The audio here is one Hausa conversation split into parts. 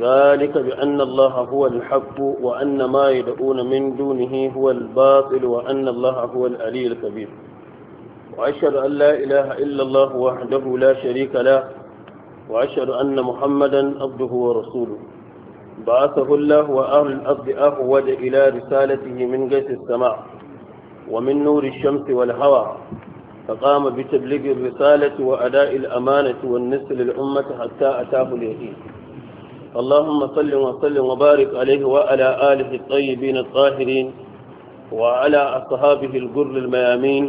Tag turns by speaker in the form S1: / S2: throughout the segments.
S1: ذلك بأن الله هو الحق وأن ما يدعون من دونه هو الباطل وأن الله هو العلي الكبير وأشهد أن لا إله إلا الله وحده لا شريك له وأشهد أن محمدا عبده ورسوله بعثه الله وأهل الأرض أهود إلى رسالته من قيس السماء ومن نور الشمس والهوى فقام بتبليغ الرسالة وأداء الأمانة والنسل للأمة حتى أتاه اليقين اللهم صل وسلم وبارك عليه وعلى آله الطيبين الطاهرين وعلى أصحابه الجر الميامين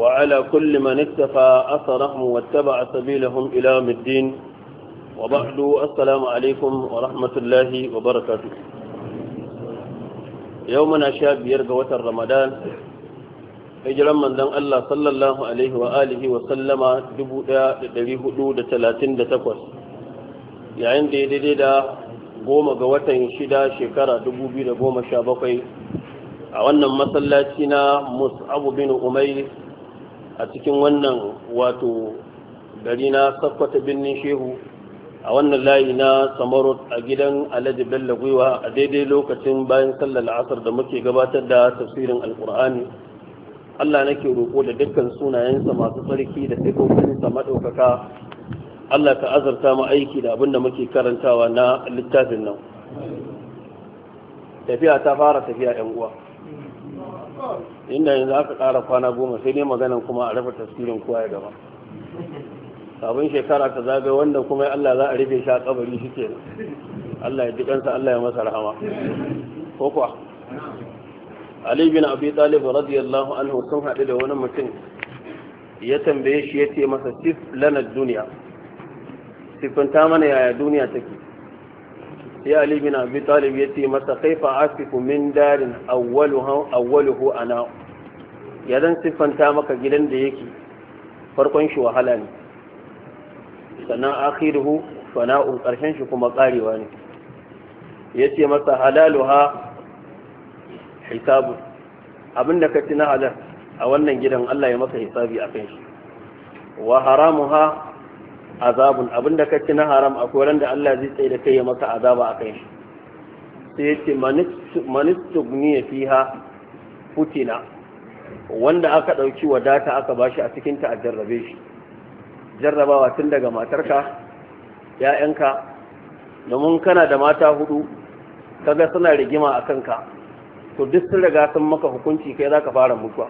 S1: وعلى كل من اتقى أثرهم واتبع سبيلهم إلى الدين وبعد السلام عليكم ورحمة الله وبركاته يومنا شاب يرجع رمضان hijiran manzon Allah sallallahu alaihi wa alihi wa sallama 1438 yayin da ya daidai da goma ga watan shida shekara 2017 a wannan masallaci na mus'abu bin umai a cikin wannan wato gari na sakwata birnin shehu a wannan layi na samarot a gidan alhaji bello gwiwa a daidai lokacin bayan sallar la'asar da muke gabatar da tafsirin alkur'ani allah nake roƙo da dukkan sunayensa masu tsarki da saifofinsa maɗaukaka Allah ka azarta mu aiki da abinda muke karantawa na littafin nan tafiya ta fara tafiya yan uwa inda yanzu aka ƙara kwana goma sai ne maganan kuma a rufe tasirin kowa ya gaba sabon shekara ta zagaye wanda kuma Allah za a rufe shi a kabari shi ke Allah ya ji kansa Allah ya masa rahama ko kuwa Ali bin Abi Talib radiyallahu anhu sun haɗu da wani mutum ya tambaye shi ya ce masa sif lanar duniya sifanta mana yaya duniya take sai ali bin abi talib ya ce masa kaifa asifu min darin awwaluhu ana ya zan siffanta maka gidan da yake farkon shi wahala ne sannan akhiruhu fana'un karshen shi kuma karewa ne ya ce masa halaluha hisabu abinda ka ci na halal a wannan gidan Allah ya maka hisabi a kan shi wa haramuha azabun abinda ka ci na haram a koran da Allah zai tsaye da kai ya maka azaba a kai shi sai yace fi ha futina wanda aka ɗauki wadata aka ba shi a cikin ta a jarrabe shi jarrabawa tun daga matarka ya'yanka domin kana da mata hudu kaga suna rigima a kanka to duk sun riga sun maka hukunci kai za ka fara mutuwa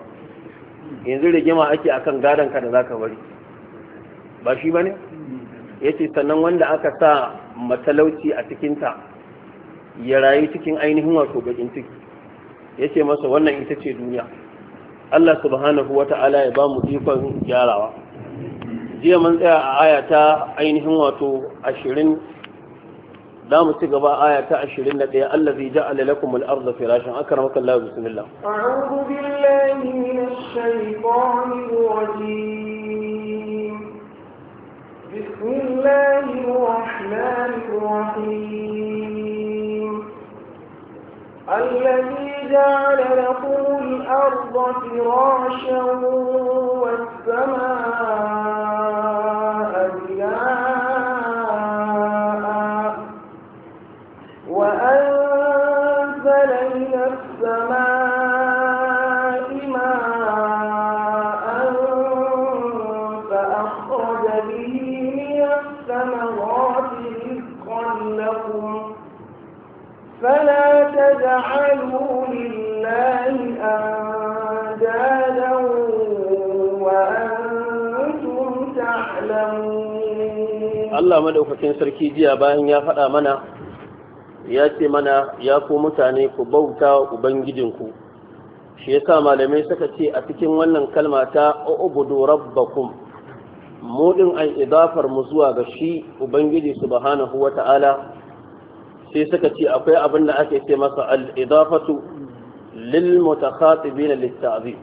S1: yanzu rigima ake akan gadon ka da ka bari ba shi ba ne Ya ce sannan wanda aka sa matalauci a cikinta ya rayu cikin ainihin wato bakin ciki ce masa wannan ita ce duniya Allah subhanahu wa ta'ala ya ba mu ikon gyarawa jiya mun tsaya a aya ta ainihin wato ashirin za mu ci gaba aya ta ashirin da ɗaya Allah zai ja'ala lakum al-ardha firashan akramaka Allah bismillah
S2: a'udhu billahi minash shaitanir rajim الله الرحمن الرحيم الذي جعل لكم الأرض فراشا والسماء Allah
S1: madaukakin sarki jiya bayan ya faɗa mana ya ce mana ya ku mutane ku bauta ubangijinku shi yasa malamai suka ce a cikin wannan kalma ta ubudu rabbakum mudin an idafar mu zuwa ga shi ubangiji subhanahu wata'ala sai suka ce akwai abin da ake ce masa al-idafatu lil mutakhatibin lit-ta'zim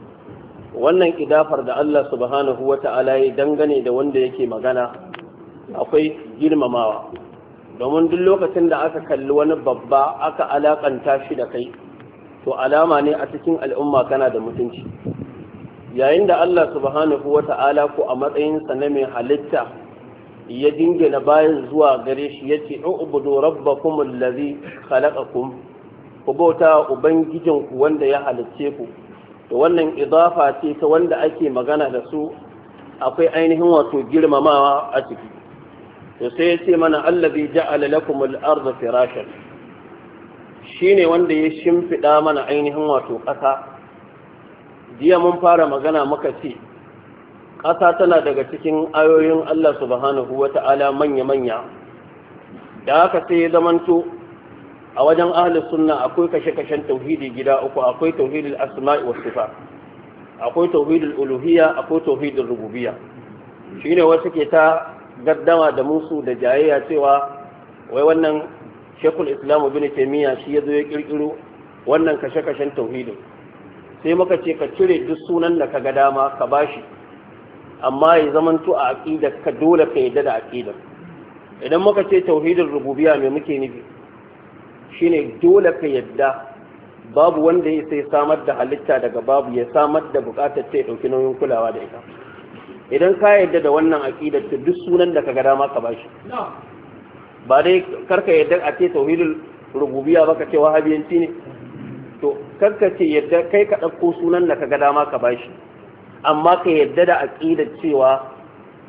S1: wannan idafar da Allah subhanahu wata'ala ya dangane da wanda yake magana akwai girmamawa domin duk lokacin da aka kalli wani babba aka alakanta shi da kai to alama ne a cikin al'umma kana da mutunci yayin da Allah subhanahu wa ta'ala ko a matsayinsa na mai halitta ya dingina bayan zuwa gare shi ya ce ubudu rabbakum allazi khalaqakum ku bauta ubangijinku wanda ya halicce ku to wannan idafa ce ta wanda ake magana da su akwai ainihin wato girmamawa a ciki to sai ya ce mana allazi ja'ala lakum al-ardha firashan shine wanda ya shimfida mana ainihin wato ƙasa jiya mun fara magana muka ce ƙasa tana daga cikin ayoyin Allah subhanahu wata'ala manya manya da haka sai ya zamanto a wajen ahli sunna akwai kashe-kashen tauhidi gida uku akwai tauhidul asma'i was sifat akwai tauhidul uluhiyya akwai tauhidul rububiyya shine wasu ke ta gaddama da musu da jayayya cewa wai wannan shekul islamu bin taimiyya shi ya zo ya kirkiro wannan kashe-kashen tauhidin sai muka ce ka cire duk sunan da ka ga dama ka bashi amma ya zamanto a aƙida ka dole ka yadda da aƙida. idan muka ce tauhidin rububiya mai muke nufi shine dole ka yadda babu wanda ya sai samar da halitta daga babu ya samar da bukatar ta ya ɗauki nauyin kulawa da ita idan ka yadda da wannan aqidar ta duk sunan da kaga dama ka bashi ba dai karka yadda a ce tauhidul rububiyya ba ka ce wahabiyanci ne to karka ce yadda kai ka ɗauko sunan da kaga dama ka bashi amma ka yadda da aqidar cewa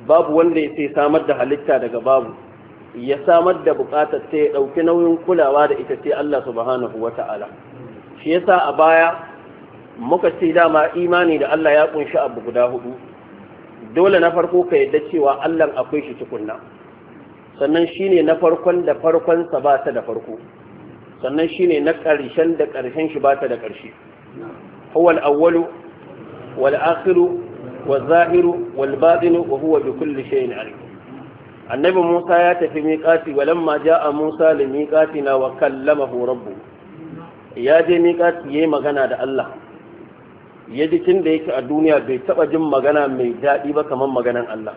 S1: babu wanda ya sai samar da halitta daga babu ya samar da bukatar ta ya ɗauki nauyin kulawa da ita sai Allah subhanahu wa ta'ala shi yasa a baya muka ce dama imani da Allah ya kunshi abu guda hudu dole na farko ka yadda cewa Allah akwai shi tukunna sannan ne na farkon da farkon sa ba ta da farko sannan ne na ƙarshen da ƙarshen shi ba ta da ƙarshe huwa awwalu wal akhiru wal zahiru wal batinu wa huwa bi kulli shay'in alim annabi Musa ya tafi miƙati walamma ja'a Musa li miƙatina wa kallamahu rabbuhu ya je miƙati yayi magana da Allah ya ji tun da yake a duniya bai taba jin magana mai daɗi ba kamar maganan Allah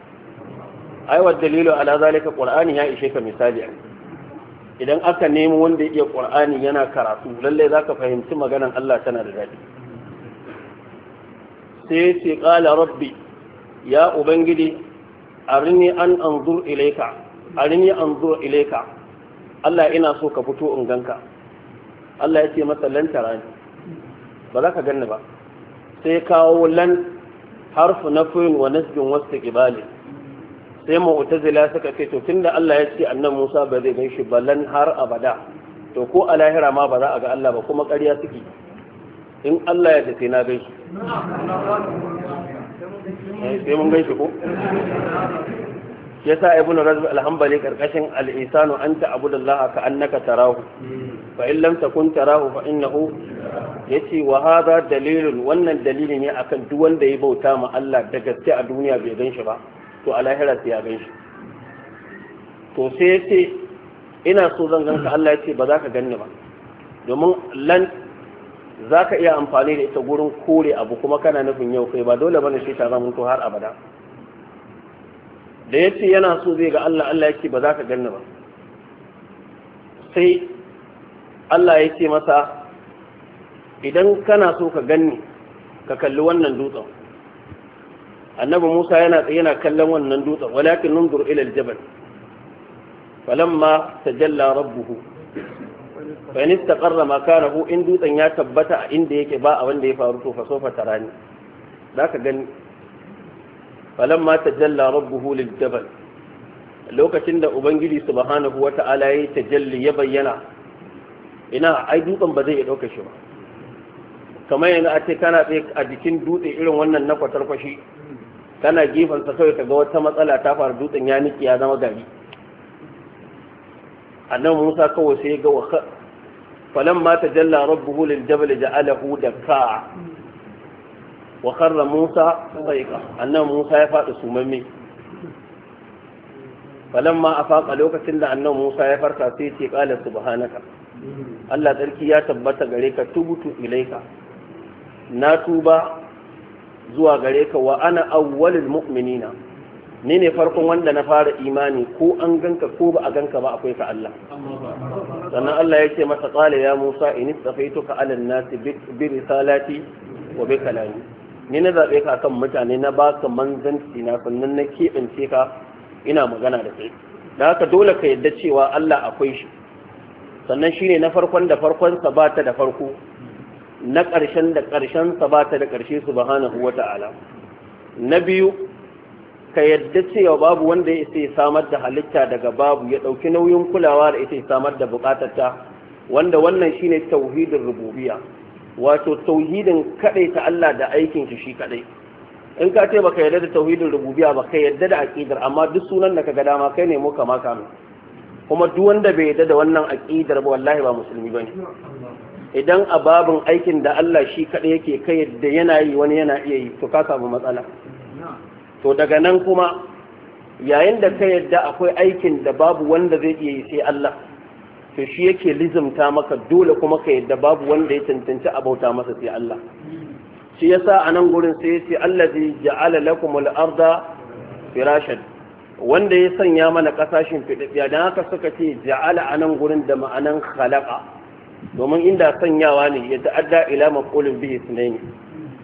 S1: ai wa dalilu ala zalika qur'ani ya ishe ka misali idan aka nemi wanda ya iya qur'ani yana karatu lalle zaka fahimci maganan Allah tana da daɗi sai ce qala rabbi ya ubangiji arini an anzur ilayka arini anzur ilayka Allah ina so ka fito in ganka Allah ya ce masa lantara ba za ka ganni ba sai kawo lan harfu na fuyin wa nasbin wasu kibali sai mu'tazila suka ce to tunda Allah ya ce annan Musa ba zai gan ba lan har abada to ko a lahira ma ba za a ga Allah ba kuma ƙarya suke in Allah ya tafi na gan eh, sai mun gan shi ko yasa ibnu razb al-hanbali karkashin al-ihsanu anta abudallaha ka annaka tarahu fa in lam takun tarahu fa innahu yace wa hada dalilun wannan dalili ne akan duk wanda ya bauta ma Allah da gaske a duniya bai gan shi ba to a lahira sai ya gan shi to sai yace ina so zan ganka Allah yace ba za ka ganni ba domin lan za ka iya amfani da ita gurin kore abu kuma kana nufin yau kai ba dole bane shi ta zama mutu har abada da yace yana so zai ga Allah Allah yake ba za ka ganni ba sai Allah ya ce masa idan kana so ka ganni ka kalli wannan dutsen annabi Musa yana yana kallon wannan dutsen walakin nundur ila aljabal falamma tajalla rabbuhu fa in istaqarra makanahu in dutsen ya tabbata a inda yake ba a wanda ya faru to fa sofa tarani zaka gani falamma tajalla rabbuhu liljabal lokacin da ubangiji subhanahu wata'ala ya tajalli ya bayyana ina ai dutsen ba zai iya ɗauka shi ba kamar yanzu a ce kana tsaye a jikin dutse irin wannan na kwatarkwashi kana gefen sa kawai kaga wata matsala ta faru dutsen ya niki ya zama gari annan musa kawai sai ga waka falan ma ta jalla rabbuhu lil jabal ja'alahu dakka wa kharra musa sayqa annan musa ya fadi sumamme falan ma afaqa lokacin da annan musa ya farka sai ce qala subhanaka Allah tsarki ya tabbata gare ka tubutu ilaika na tuba zuwa gare ka wa ana awwalul mu'minina ni ne farkon wanda na fara imani ko an ganka ko ba a ganka ba akwai ka Allah sannan Allah ya ce masa tsala ya Musa in istafaituka ala nasi bi risalati wa bi kalami ni na zabe ka kan mutane na ba ka manzanci na sannan na keɓance ka ina magana da kai da haka dole ka yadda cewa Allah akwai shi sannan shi ne na farkon da farkon ba ta da farko na ƙarshen da ƙarshen sa ba ta da ƙarshe subhanahu wata'ala na biyu ka yadda cewa babu wanda ya isa ya samar da halitta daga babu ya ɗauki nauyin kulawa da ita ya samar da buƙatarta wanda wannan shi ne tauhidin rububiya. wato tauhidin kaɗai ta Allah da aikin shi shi kaɗai in ka ce baka yarda da tauhidin ba ka yarda da aƙidar? amma duk sunan da ka ga dama kai ne muka maka kama kuma duk wanda bai yarda da wannan aqidar ba wallahi ba musulmi bane idan a babin aikin da Allah shi kaɗai yake kai yadda yana yi wani yana iya yi to ka samu matsala to daga nan kuma yayin da ka yadda akwai aikin da babu wanda zai iya yi sai Allah to shi yake lizimta maka dole kuma ka yadda babu wanda ya cancanci a bauta masa sai Allah shi yasa a nan gurin sai ya ce zai ja'ala lakumul arda firashan wanda ya sanya mana kasashen fiɗaɗɗiya don haka suka ce ja'ala a nan gurin da ma'anan halaka domin inda sanyawa ne ya ta'adda ila maqulun bihi yi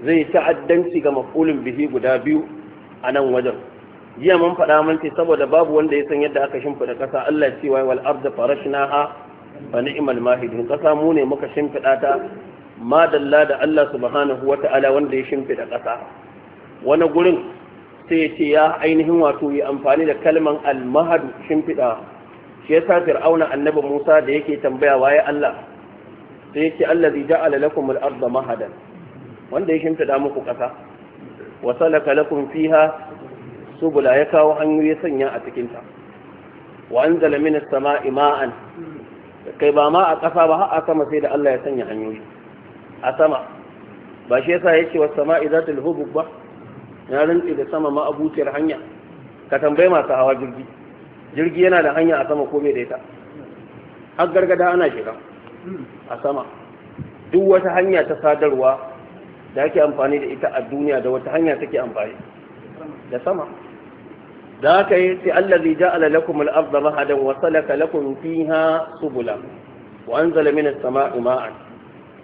S1: zai ta'addanci ga maqulun bihi guda biyu a nan wajen jiya mun faɗa mun ce saboda babu wanda ya san yadda aka shimfida ƙasa Allah ya ce wa wal arda farashnaha fa ni'mal mahidin ƙasa mu ne muka shimfiɗa ta madalla da Allah subhanahu ta'ala wanda ya shimfida ƙasa wani gurin sai ya ce ya ainihin wato yi amfani da kalman almahadu shimfiɗa shi ya sa fir'auna annabi musa da yake tambaya waye allah sai ya ce Allah zai ja al-ardha mahadan wanda ya shimfiɗa muku ƙasa wa salaka lakum fiha subula ya kawo hanyoyi sanya a cikin ta wa anzala minas sama'i ma'an kai ba ma a ƙasa ba har a sama sai da Allah ya sanya hanyoyi a sama ba shi yasa yake was sama'i zatul hubub ba na rantse da sama ma abuciyar hanya ka tambayi masu hawa jirgi jirgi yana da hanya a sama ko bai da har gargada ana shiga a sama duk wata hanya ta sadarwa da ake amfani da ita a duniya da wata hanya take amfani da sama da aka yi sai ja ala lakum al-ardha mahadan wa salaka lakum fiha subula wa anzala min as-sama'i ma'an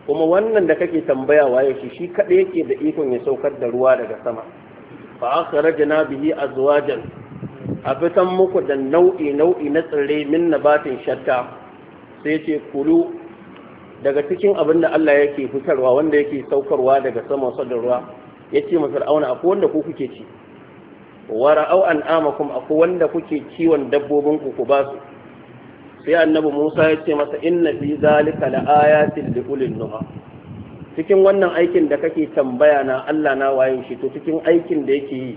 S1: kuma wannan da kake tambaya waye shi shi kadai yake da ikon ya saukar da ruwa daga sama fa akhrajna bihi azwajan a fitan muku da nau'i nau'i na tsirrai min nabatin shatta sai ce kulu daga cikin abin da Allah yake fitarwa wanda yake saukarwa daga sama sadar ruwa yace ma fir'auna akwai wanda ku kuke ci wa ra'au an'amakum akwai wanda kuke ciwon dabbobin ku ku basu? sai annabi Musa ya ce masa inna fi zalika la ayatin li ulil cikin wannan aikin da kake tambaya na Allah na waye shi to cikin aikin da yake yi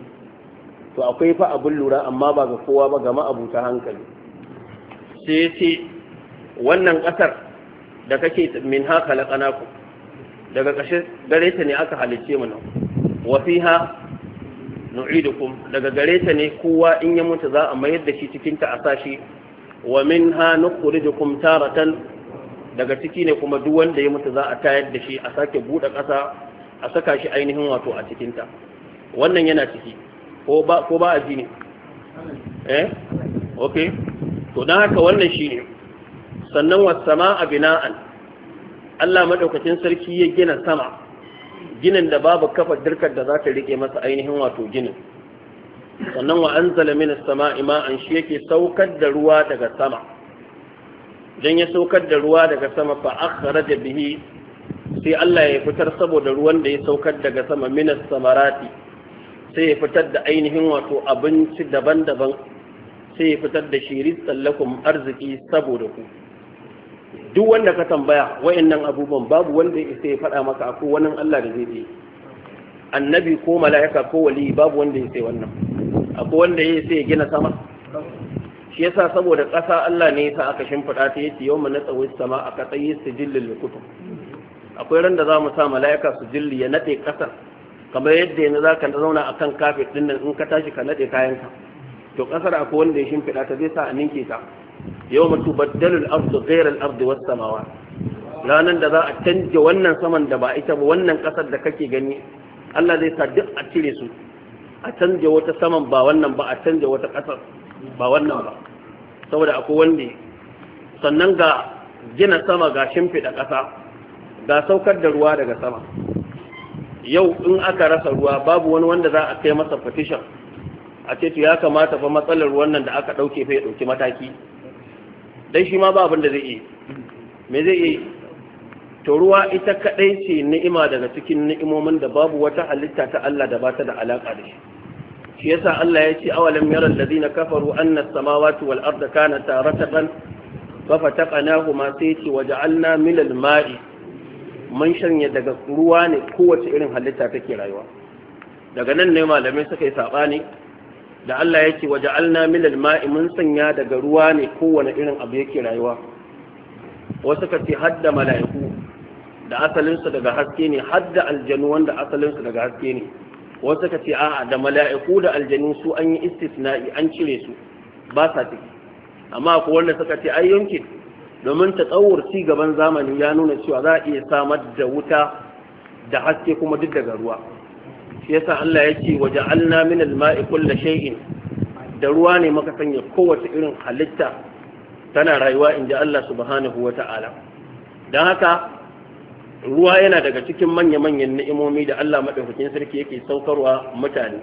S1: to akwai fa abin lura amma ba ga kowa ba ga ma'abuta hankali sai ya ce wannan ƙasar da kake min haka laƙanaku daga ƙashe gare ta ne aka halicce mu nan wasiha nu'idukum daga gare ta ne kowa in ya mutu za a mayar da shi cikin ta a sashi wa minha nukhrijukum taratan daga ciki ne kuma duk wanda ya mutu za a tayar da shi a sake buɗe ƙasa a saka shi ainihin wato a cikinta wannan yana ciki ko ba a ji ne eh ok to don haka wannan shi ne sannan sama a bina'an allah maɗaukacin sarki ya gina sama ginin da babu kafa dirkar da za ta riƙe masa ainihin wato ginin sannan wa an zalamin sama ima'an shi yake saukar da ruwa daga sama dan ya saukar da ruwa daga sama fa akhraja bihi sai Allah ya fitar saboda ruwan da ya saukar daga sama minas samarati sai ya fitar da ainihin wato abinci daban-daban sai ya fitar da shiri tsallakum arziki saboda ku duk wanda ka tambaya wayannan abubuwan babu wanda ya sai ya faɗa maka akwai wani Allah da zai yi annabi ko mala'ika ko wali babu wanda ya sai wannan akwai wanda ya sai ya gina sama shi yasa saboda ƙasa Allah ne yasa aka shimfiɗa ta yace na tsawon sama aka su jilli kutub akwai ran da mu sa malaika su jilli ya nade ƙasar kamar yadda yanzu zaka zauna akan kafet din nan in ka tashi ka nade kayanka to ƙasar akwai wanda ya shimfiɗa ta zai sa a ninke ta yawma tubaddalu al-ardu ghayra al was-samawat ranan da za a canje wannan saman da ba ita ba wannan ƙasar da kake gani Allah zai sa duk a cire su a canje wata saman ba wannan ba a canza wata ƙasar ba wannan ba saboda akwai wanda sannan ga gina sama ga shimfiɗa ƙasa ga saukar da ruwa daga sama yau in aka rasa ruwa babu wani wanda za a kai masa fetishan, a ce ya kamata fa matsalar ruwan nan da aka ɗauke fa ya ɗauki mataki dan shi ma ba abin da zai yi me zai yi to ruwa ita kaɗai ce ni'ima daga cikin ni'imomin da babu wata halitta ta Allah da ba ta da alaƙa da shi shi yasa Allah ya ce awalam yara allazina kafaru anna as-samawati wal arda ɗan ratqan fa fataqnahuma sai ce waja'alna min al-ma'i man shanye daga ruwa ne kowace irin halitta take rayuwa daga nan ne malamai suka yi sabani da Allah ya ce waja'alna min al-ma'i mun sanya daga ruwa ne kowane irin abu yake rayuwa wasu ka ce hadda mala'iku da asalinsu daga haske ne hadda aljanu wanda asalinsu daga haske ne wasu ka ce a'a da mala'iku da aljanu su an yi istisna'i an cire su ba sa ciki amma ko wanda suka ce ai yanke domin ta tsawar ci gaban zamani ya nuna cewa za a iya samar da wuta da haske kuma duk daga ruwa shi yasa Allah ya ce waje alna min alma'i kullu shay'in da ruwa ne maka sanya kowace irin halitta tana rayuwa in ji Allah subhanahu wata'ala don haka ruwa yana daga cikin manya-manyan ni'imomi da Allah maɗaukakin sarki yake saukarwa mutane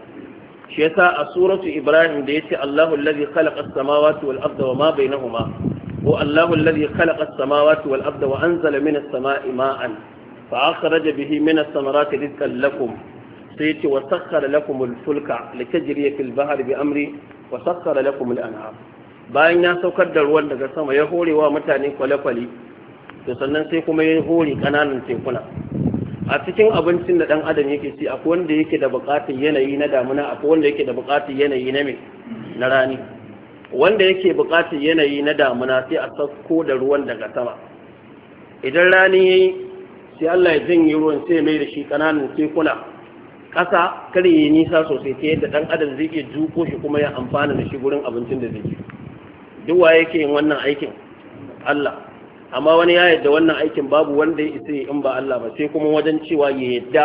S1: shi yasa a suratu ibrahim da yace Allahu allazi khalaqa as-samawati wal arda wa ma bainahuma ko Allahu allazi khalaqa as-samawati wal arda wa anzala samai ma'an fa akhraja bihi minas samarati rizqan lakum sai yace wa sakhkhara lakum al-fulka litajriya fil bahri bi amri wa sakhkhara lakum al-anhar bayan ya saukar da ruwan daga sama ya horewa mutane kwale-kwale to sannan sai kuma ya hori kananan tekuna a cikin abincin da ɗan adam yake ci akwai wanda yake da buƙatar yanayi na damuna akwai wanda yake da buƙatar yanayi na me na rani wanda yake buƙatar yanayi na damuna sai a sauko da ruwan daga sama idan rani yayi sai Allah ya janye ruwan sai mai da shi kananan tekuna ƙasa kar yi nisa sosai ta yadda ɗan adam zai iya juko shi kuma ya amfana da shi gurin abincin da zai ci duk wa yake yin wannan aikin Allah amma wani ya yadda wannan aikin babu wanda ya isa in ba Allah ba sai kuma wajen cewa ya yadda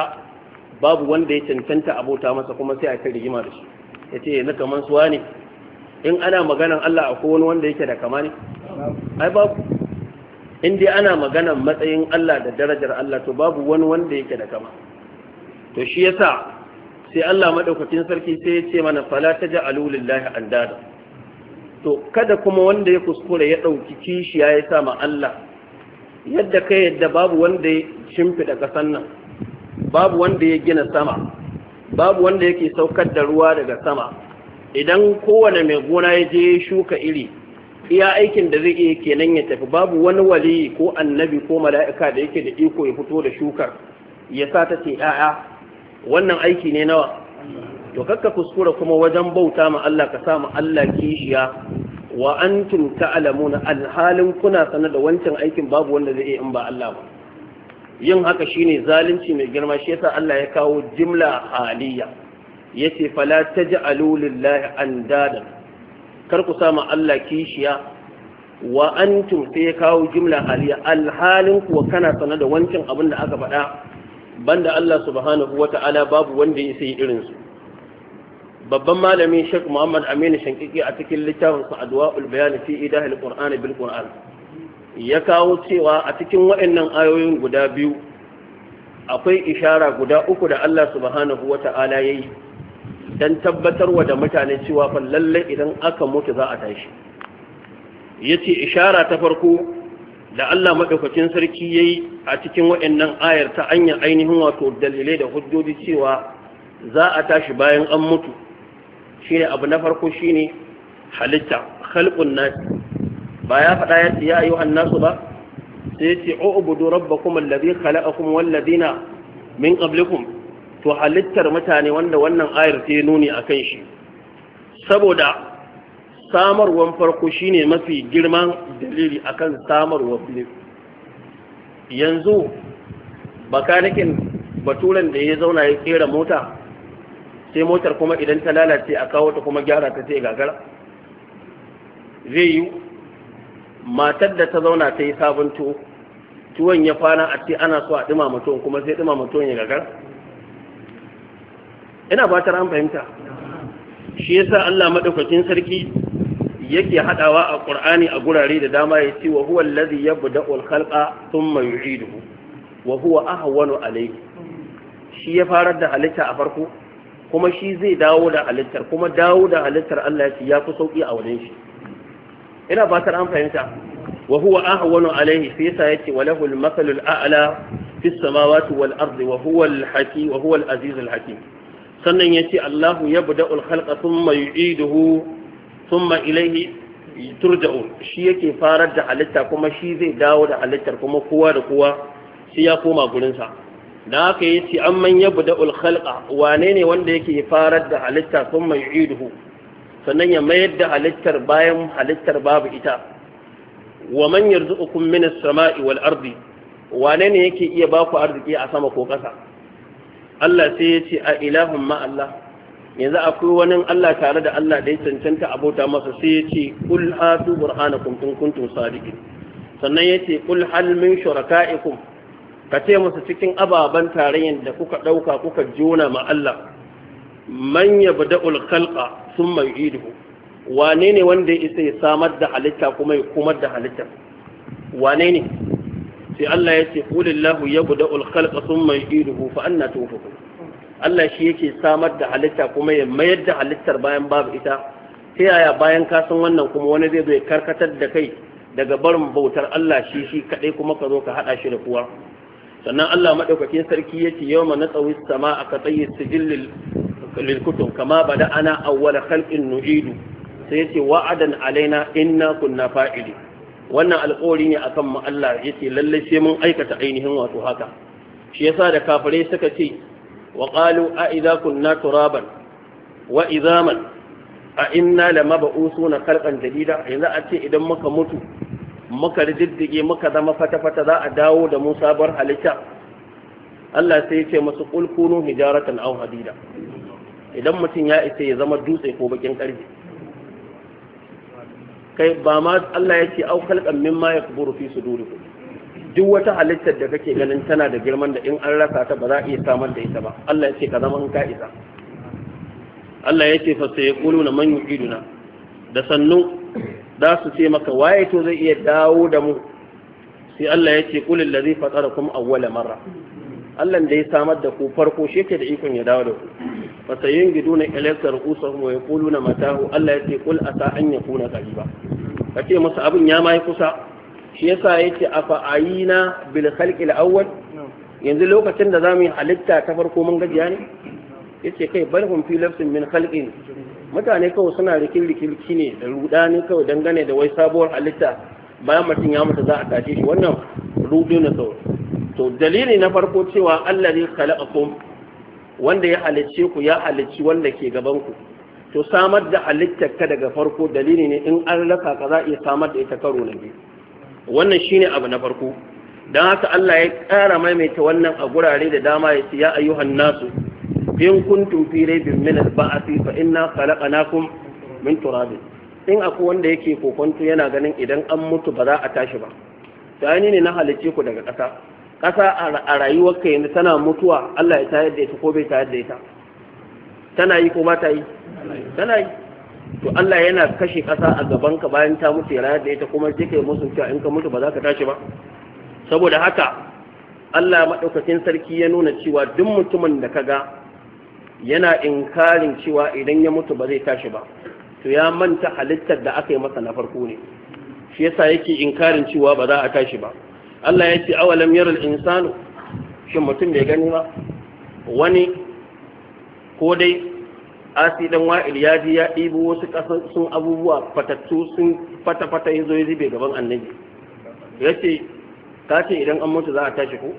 S1: babu wanda ya cancanta abota masa kuma sai a kai da shi ya ce na kamar suwa ne in ana maganan Allah akwai wani wanda yake da kama ne ai babu in dai ana maganan matsayin Allah da darajar Allah to babu wani wanda yake da kama to shi yasa sai Allah madaukakin sarki sai ya ce mana fala taj'alu lillahi andada to kada kuma wanda ya kuskure ya ɗauki kishi ya yi sama Allah yadda ka yadda babu wanda ya shimfiɗa ƙasan nan babu wanda ya gina sama babu wanda yake saukar da ruwa daga sama idan kowane mai gona ya je shuka iri iya aikin da zai iya kenan ya tafi babu wani wali ko annabi ko mala'ika da yake da iko ya fito da shukar ya sa ta ce 'ya'ya wannan aiki ne nawa to kakka kuskura kuma wajen bauta ma Allah ka samu ma Allah kishiya wa antum ta'lamuna alhalin kuna sanar da wancan aikin babu wanda zai iya in ba Allah ba yin haka shine zalunci mai girma shi yasa Allah ya kawo jimla haliya yace fala taj'alu lillahi andada kar ku sa Allah kishiya wa antum sai ya kawo jimla haliya alhalin kuwa kana sanar da wancan abin da aka faɗa banda Allah subhanahu wata'ala babu wanda ya sai irin su babban malami Sheikh Muhammad Aminu Shankiki a cikin littafin sa Adwa'ul Bayan fi Idahil Qur'an bil Qur'an ya kawo cewa a cikin waɗannan ayoyin guda biyu akwai ishara guda uku da Allah subhanahu wata'ala yayi dan tabbatarwa da mutane cewa fa lalle idan aka mutu za a tashi yace ishara ta farko da Allah madaukakin sarki yayi a cikin waɗannan ayar ta anya ainihin wato dalilai da hujjoji cewa za a tashi bayan an mutu shine abu na farko shine halitta khalqun nas ba ya faɗa ya ya ayyuhan nasu ba sai ya ce ubudu rabbakum alladhi khalaqakum wal ladina min qablikum to halittar mutane wanda wannan ayar ta nuni akan shi saboda samarwan farko shine mafi girman dalili akan samarwa ne yanzu bakanikin baturen da ya zauna ya kera mota sai motar kuma idan ta lalace a kawo ta kuma gyara ta sai gagara zai yi matar da ta zauna ta yi sabon tuwo tuwon ya fara a ce ana so a dima mutum kuma sai dima mutum ya gagara ina fatar an fahimta shi yasa Allah madaukakin sarki yake hadawa a Qur'ani a gurare da dama ya ce wa huwa allazi yabda'u al-khalqa thumma yu'iduhu wa huwa ahwanu alayhi shi ya farar da halitta a farko kuma shi zai dawo da halittar kuma dawo da halittar Allah shi ya fi sauƙi a wurin shi ina fatar an fahimta wa huwa ahwanu alaihi fi yasa yace wa lahu al-mathalu al-a'la fi as-samawati wal ardi wa huwa al-hakim wa huwa al-aziz al-hakim sannan yace Allah yabda al-khalqa thumma yu'iduhu thumma ilayhi turja'un shi yake farar da halitta kuma shi zai dawo da halittar kuma kowa da kowa shi ya koma gurin sa da haka yi ce an manya buda ulkhalƙa wane ne wanda yake farar da halitta sun mai iduhu sannan ya mayar da halittar bayan halittar babu ita wa man yarzuqukum min as-sama'i wal ardi wane ne yake iya ba ku arziki a sama ko ƙasa Allah sai ya ce a ilahun ma Allah yanzu akwai wani Allah tare da Allah da ya cancanta abota masa sai ya ce kul hatu burhanakum in kuntum sadiqin sannan ya ce kul hal min shuraka'ikum ka ce musu cikin ababen tarayyar da kuka ɗauka kuka jona ma Allah bada ulkalka sun mai yu'iduhu wane ne wanda ya isa ya samar da halitta kuma ya kuma da halitta wane ne sai Allah ya ce ya qulillahu yabda'ul sun mai yu'iduhu fa anna tufakun Allah shi yake samar da halitta kuma ya mayar da halittar bayan babu ita ta yaya bayan kasan wannan kuma wani zai zo ya karkatar da kai daga barin bautar Allah shi shi kadai kuma ka zo ka hada shi da kuwa sannan Allah maɗaukakin sarki yace yawma natsawi samaa ka tsayi sijil lil kutub kama bada ana awwala khalqin nu'idu sai yace wa'adan alaina inna kunna fa'ili wannan alƙawari ne akan mu Allah ce lalle sai mun aikata ainihin wato haka shi yasa da kafirai suka ce wa qalu a idza kunna turaban wa idzaman a inna lamab'usuna khalqan jadida yanzu a ce idan muka mutu muka diddige muka zama fata-fata za a dawo da mu sabon halitta Allah sai ya ce masu kulkunu hijaratan aw hadida idan mutum ya isa ya zama dutse ko bakin karfi kai ba ma Allah ya ce aw khalqan mimma yakburu fi sudurikum duk wata halittar da kake ganin tana da girman da in an rasa ta ba za a iya samar da ita ba Allah ya ce ka zama in ka isa Allah ya ce fa sai yaquluna man yu'iduna da sannu za su ce maka waye to zai iya dawo da mu sai Allah ya ce kulil ladzi fatarakum awwala marra Allah da ya samar da ku farko shi yake da ikon ya dawo da ku fa sayingiduna ilayka ru'usahum wa yaquluna matahu Allah ya ce kul asa an yakuna qariba kace masa abin ya mai kusa shi yasa yace afa ayina bil khalqil awwal yanzu lokacin da zamu yi halitta ta farko mun gajiya ne yace kai balhum fi lafsin min khalqin mutane kawai suna rikirkirki ne da rudani kawai dangane da wai sabuwar halitta bayan mutum ya mutu za a tashi shi wannan rudu na sau to dalili na farko cewa Allah ne kom wanda ya halicce ku ya halicci wanda ke gaban ku to samar da halittar ka daga farko dalili ne in an raka ka za iya samar da ita karo na biyu wannan shine abu na farko Don haka Allah ya ƙara maimaita wannan a gurare da dama ya ce ya ayyuhan nasu in kuntum fi raibin min al-ba'thi fa inna khalaqnakum min turab in akwai wanda yake kokonto yana ganin idan an mutu ba za a tashi ba to ai ne na halicce ku daga ƙasa ƙasa a rayuwar ka yanzu tana mutuwa Allah ya tayar da ita ko bai tayar da ita tana yi ko ba ta yi tana yi to Allah yana kashe ƙasa a gaban ka bayan ta mutu ya rayar da ita kuma sai kai musu cewa in ka mutu ba za ka tashi ba saboda haka Allah madaukakin sarki ya nuna cewa duk mutumin da ka ga yana inkarin cewa idan ya mutu ba zai tashi ba to ya manta halittar da aka yi masa na farko ne shi yasa yake inkarin cewa ba za a tashi ba Allah ya ce awalam yaral insanu shin mutum bai gani ba wani ko dai asi dan wa'il ya ji ya ɗibo wasu ƙasar sun abubuwa fatattu sun fata-fata ya zo ya zube gaban annabi yace ce ka idan an mutu za a tashi ko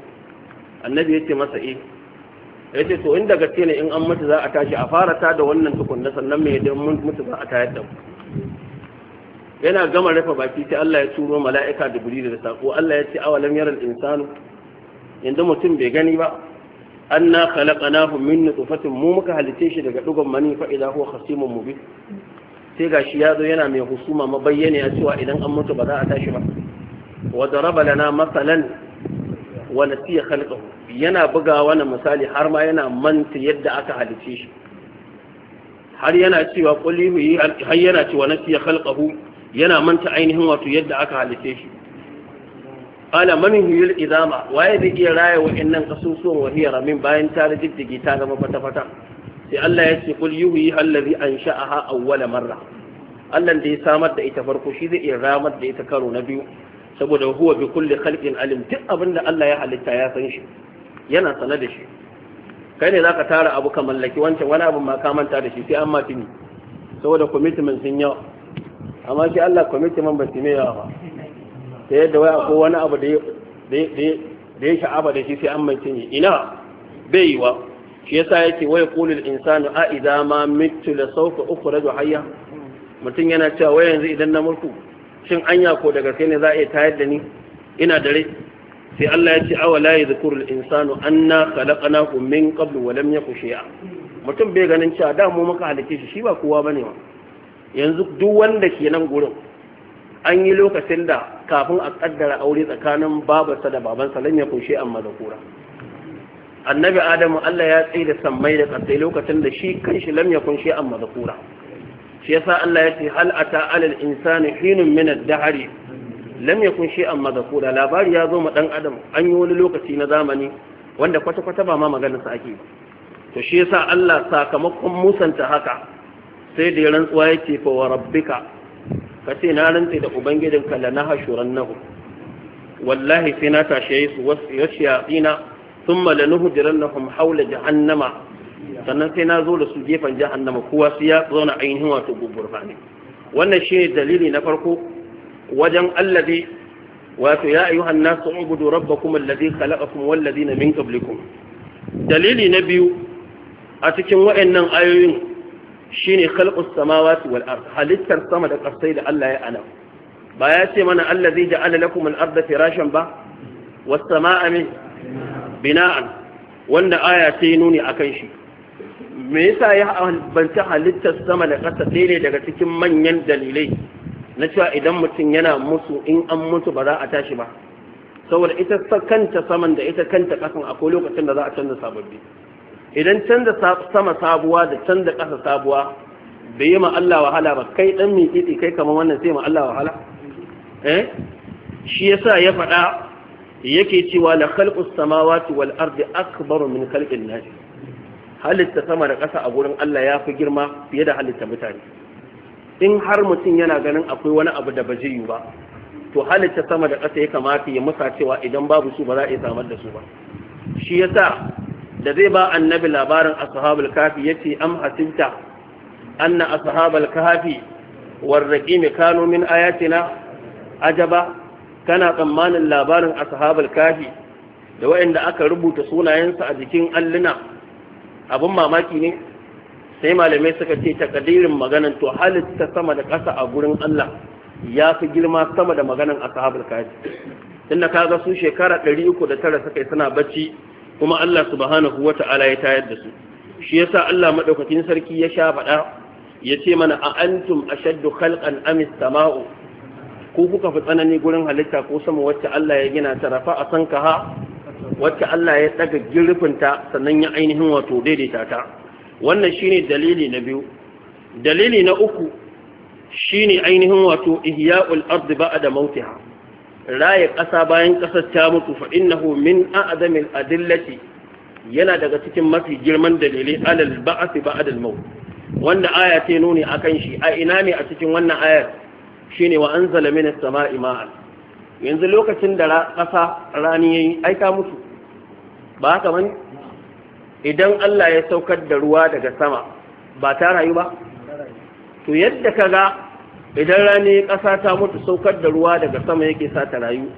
S1: annabi ya masa eh ya ce to in gaske ne in an mutu za a tashi a fara ta da wannan tukunna sannan mai yadda mutu za a tayar da yana gama rufe baki sai Allah ya turo mala'ika da buri da sako Allah ya ce awalam yaral insanu Inda mutum bai gani ba anna khalaqnahu min nutfatin mu muka halice shi daga dugon mani fa idza huwa mu bi. sai gashi ya zo yana mai husuma mabayyane ya cewa idan an mutu ba za a tashi ba wa daraba lana masalan wa khalqahu yana buga wani misali har ma yana manta yadda aka halice shi har yana cewa quli har yana cewa nasiya khalqahu yana manta ainihin wato yadda aka halice shi ala man yul idama waye da iya raya wa'annan kasusuwan wa ramin bayan ta rijiddige ta zama fata fata sai Allah ya ce qul yuhyi allazi ansha'aha awwala marra Allah da ya samar da ita farko shi zai iya ramar da ita karo na biyu saboda huwa bi kulli khalqin alim duk abin da Allah ya halitta ya san shi yana sanar da shi kai ne zaka tara abu ka mallaki wancan wani abu ma ka manta da shi sai an mafi ne. saboda commitment sun yawa amma shi Allah commitment ba su mai yawa ba ta yadda wai akwai wani abu da da ya sha'aba da shi sai an mai cinye ina bai yi wa shi ya yasa yake wai kulul insanu a idza ma da la uku ukhraju hayya mutum yana cewa wai yanzu idan na mulku shin anya ko daga sai ne za a iya tayar da ni ina dare sai Allah ya ce awa la yadhkurul insanu anna khalaqnahu min qablu wa lam yaku shay'a mutum bai ganin cewa da mu muka halice shi shi ba kowa bane ba yanzu duk wanda ke nan gurin an yi lokacin da kafin a kaddara aure tsakanin babarsa da babansa lan yaku shay'an mazkura annabi adamu Allah ya tsaye da sammai da kasai, lokacin da shi kanshi lam yakun shay'an kura. shi yasa Allah ya ce hal ata alal insani hinun min ad-dahri lam yakun shay'an madhkura labari ya zo ma dan adam an yi wani lokaci na zamani wanda kwata kwata ba ma maganar sa ake to shi yasa Allah sakamakon musanta haka sai da rantsuwa yake fa wa rabbika kace na rantsi da ubangijinka la nahshurannahu wallahi sai na tashe su wasu yashiyina thumma lanuhdirannahum hawla jahannama sannan sai na zo da su gefen jahannama kowa su ya zauna ainihin wato gugurfa ne wannan shi ne dalili na farko wajen allazi wato ya in gudu Rabba kuma rabbakum alladhi kuma wal na min qablikum dalili na biyu a cikin wa'annan ayoyin shine khalqus samawati wal ard halittar sama da ƙasai da Allah ya ana ba ya ce mana allazi ja'ala lakum al arda firashan ba was samaa min bina'an wanda aya ta yi nuni akan shi me yasa ya banta halittar sama da ƙasa ɗaya ne daga cikin manyan dalilai na cewa idan mutum yana musu in an mutu ba za a tashi ba saboda ita kanta saman da ita kanta ƙasan akwai lokacin da za a canza sababbi idan canza sama sabuwa da canza ƙasa sabuwa bai yi ma Allah wahala ba kai dan titi kai kamar wannan sai ma Allah wahala eh shi yasa ya faɗa yake cewa la khalqus samawati wal ardi akbaru min khalqin nas halitta sama da ƙasa a gurin Allah ya fi girma fiye da halitta mutane in har mutum yana ganin akwai wani abu da ba yi ba to halitta sama da ƙasa ya kamata ya musa cewa idan babu su ba za a iya samar da su ba shi yasa da zai ba annabi labarin ashabul kafi yace am hasibta anna ashabul kafi war raqim kanu min ayatina ajaba kana tsammanin labarin ashabul kafi da waɗanda aka rubuta sunayensa a jikin alluna abin mamaki ne sai malamai suka ce takadirin maganan to halitta sama da ƙasa a gurin Allah ya fi girma sama da maganan ashabul kafi da kaga su shekara 309 suka yi suna bacci kuma Allah subhanahu wata'ala ya tayar da su shi yasa Allah madaukakin sarki ya sha faɗa ya ce mana a antum ashaddu khalqan am samau ku kuka fi tsanani gurin halitta ko sama wacce Allah ya gina ta rafa a san sankaha wacce Allah ya daga girfinta sannan ya ainihin wato daidaita ta wannan shine dalili na biyu dalili na uku shine ainihin wato ihya'ul ardi ba'da mautiha Raye ƙasa bayan ƙasar ta mutu fa innahu min a'zamil adillati yana daga cikin mafi girman dalilai alal ba'ath ba'da al-maut wanda aya ta nuni akan shi a ina ne a cikin wannan ayar shine wa anzala minas sama'i ma'an yanzu lokacin da ƙasa rani ya yi aika musu ba haka idan Allah ya saukar da ruwa daga sama ba ta rayu ba to yadda ka ga idan rani ƙasa ta mutu saukar da ruwa daga sama yake sa ta rayu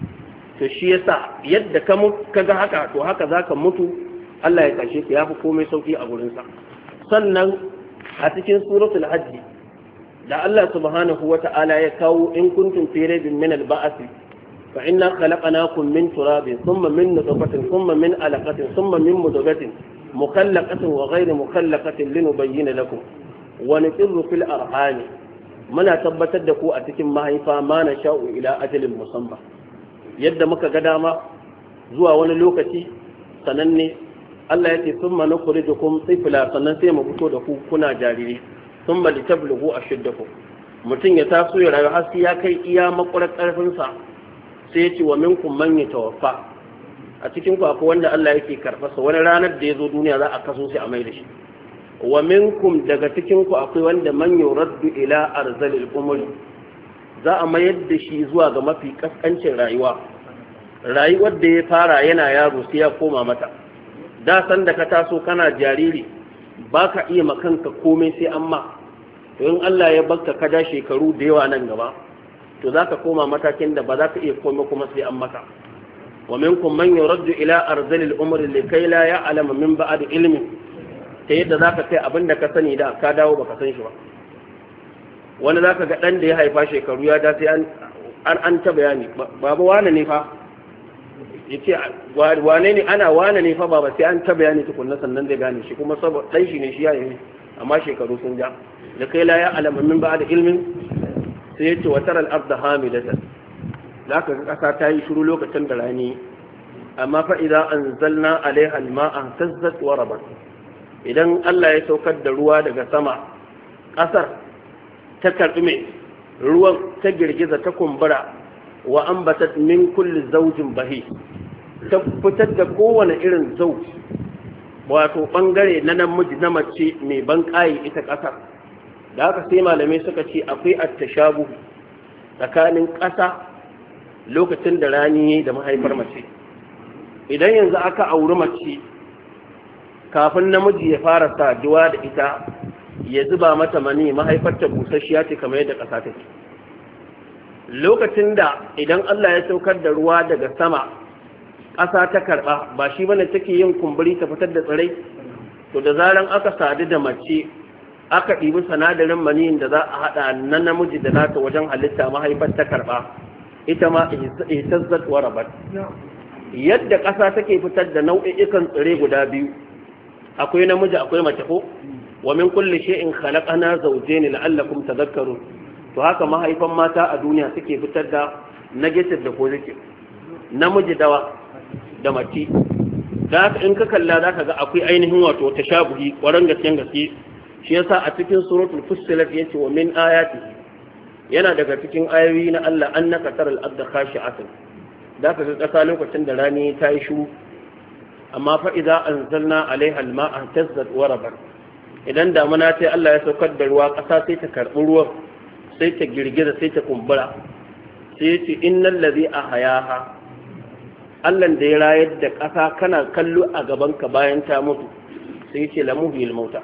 S1: to shi ya sa yadda ka ka ga haka to haka za ka mutu Allah ya kashe ka fi komai sauki a gurinsa sannan a cikin suratul hajji, da Allah subhanahu wata'ala ya kawo in kuntum fi raibin min al baath fa inna khalaqnakum min turabin thumma min nutfatin thumma min alaqatin thumma min mudghatin mukallaqatin wa ghayri mukallaqatin linubayyana lakum wa nuqirru fil arham muna tabbatar da ku a cikin mahaifa Mana na sha'u ila ajalin musamma yadda muka ga dama zuwa wani lokaci sananne Allah ya ce sun ma nukuri da kun tsifila sannan sai mu fito da ku kuna jariri sun ma litablugu a shidda ku mutum ya taso ya rayu haske ya kai iya makwarar ƙarfinsa sai ya ce wa minkum man tawaffa? a cikin ku akwai wanda Allah yake karfasa wani ranar da ya zo duniya za a kaso sai a mai da shi wa minkum daga cikin ku akwai wanda man yuraddu ila arzalil umri za a mayar da shi zuwa ga mafi kaskancin rayuwa rayuwar da ya fara yana yaro sai ya koma mata da san da ka taso kana jariri ba ka iya makanka komai sai amma in Allah ya barka ka da shekaru da yawa nan gaba to za ka koma matakin da ba za ka iya komai kuma sai an maka wa minkum man yuraddu ila arzalil umri likai la ya'lamu min ba'd ilmin ta yadda za ka kai abin da ka sani da ka dawo baka san shi ba wani za ka ga ɗan da ya haifa shekaru ya da sai an an ta bayani baba wane ne fa yace wane ne ana wane ne fa baba sai an ta bayani tukunna sannan zai gane shi kuma saboda ɗan shi ne shi ya yi amma shekaru sun ja da kai la ya min ba da ilmin sai ya ce watar al'abda hamilatan za ka ga ƙasa ta yi shiru lokacin da rani amma fa idan an zalna alaiha alma'a tazzat wa idan Allah ya saukar da ruwa daga sama ƙasar ta karɓi mai ruwan ta girgiza ta kumbura wa ambatat min kulli zaujin bahi ta fitar da kowane irin zauji wato bangare na namiji na mace mai ban ita ƙasar da haka sai malamai suka ce akwai attashabu tsakanin ƙasa lokacin da rani da mahaifar mace idan yanzu aka auri mace kafin namiji ya fara saduwa da ita ya zuba mata mani mahaifarta busasshiya ce kamar yadda ƙasa take lokacin da idan Allah ya saukar da ruwa daga sama ƙasa ta karɓa ba shi bane take yin kumburi ta fitar da tsirai to da zaran aka sadu da mace aka ɗibi sanadarin maniyin da za a haɗa na namiji da nata wajen halitta mahaifar ta karɓa ita ma ihtazzat wa rabat yadda ƙasa take fitar da nau'i'ikan tsire guda biyu akwai namiji akwai mace ko wa min kulli shay'in khalaqana zawjayn la'allakum tadhakkarun to haka mahaifan mata a duniya suke fitar da negative da positive namiji dawa da mace da in ka kalla zaka ga akwai ainihin wato tashabuhi ƙwarar gaskiyan gaske shi yasa a cikin suratul fussilat yace wa min ayati yana daga cikin ayoyi na Allah annaka taral abda khashi'atan da ka ga ƙasa lokacin da rani ta yi shiru amma fa idza anzalna alaiha alma'a tazzat wa rabat idan damuna ta Allah ya saukar da ruwa ƙasa sai ta karɓi ruwan sai ta girgiza sai ta kumbura sai yace innal ladhi ahyaha Allah da ya rayar da ƙasa, kana kallo a gaban ka bayan ta mutu sai yace lamuhil mauta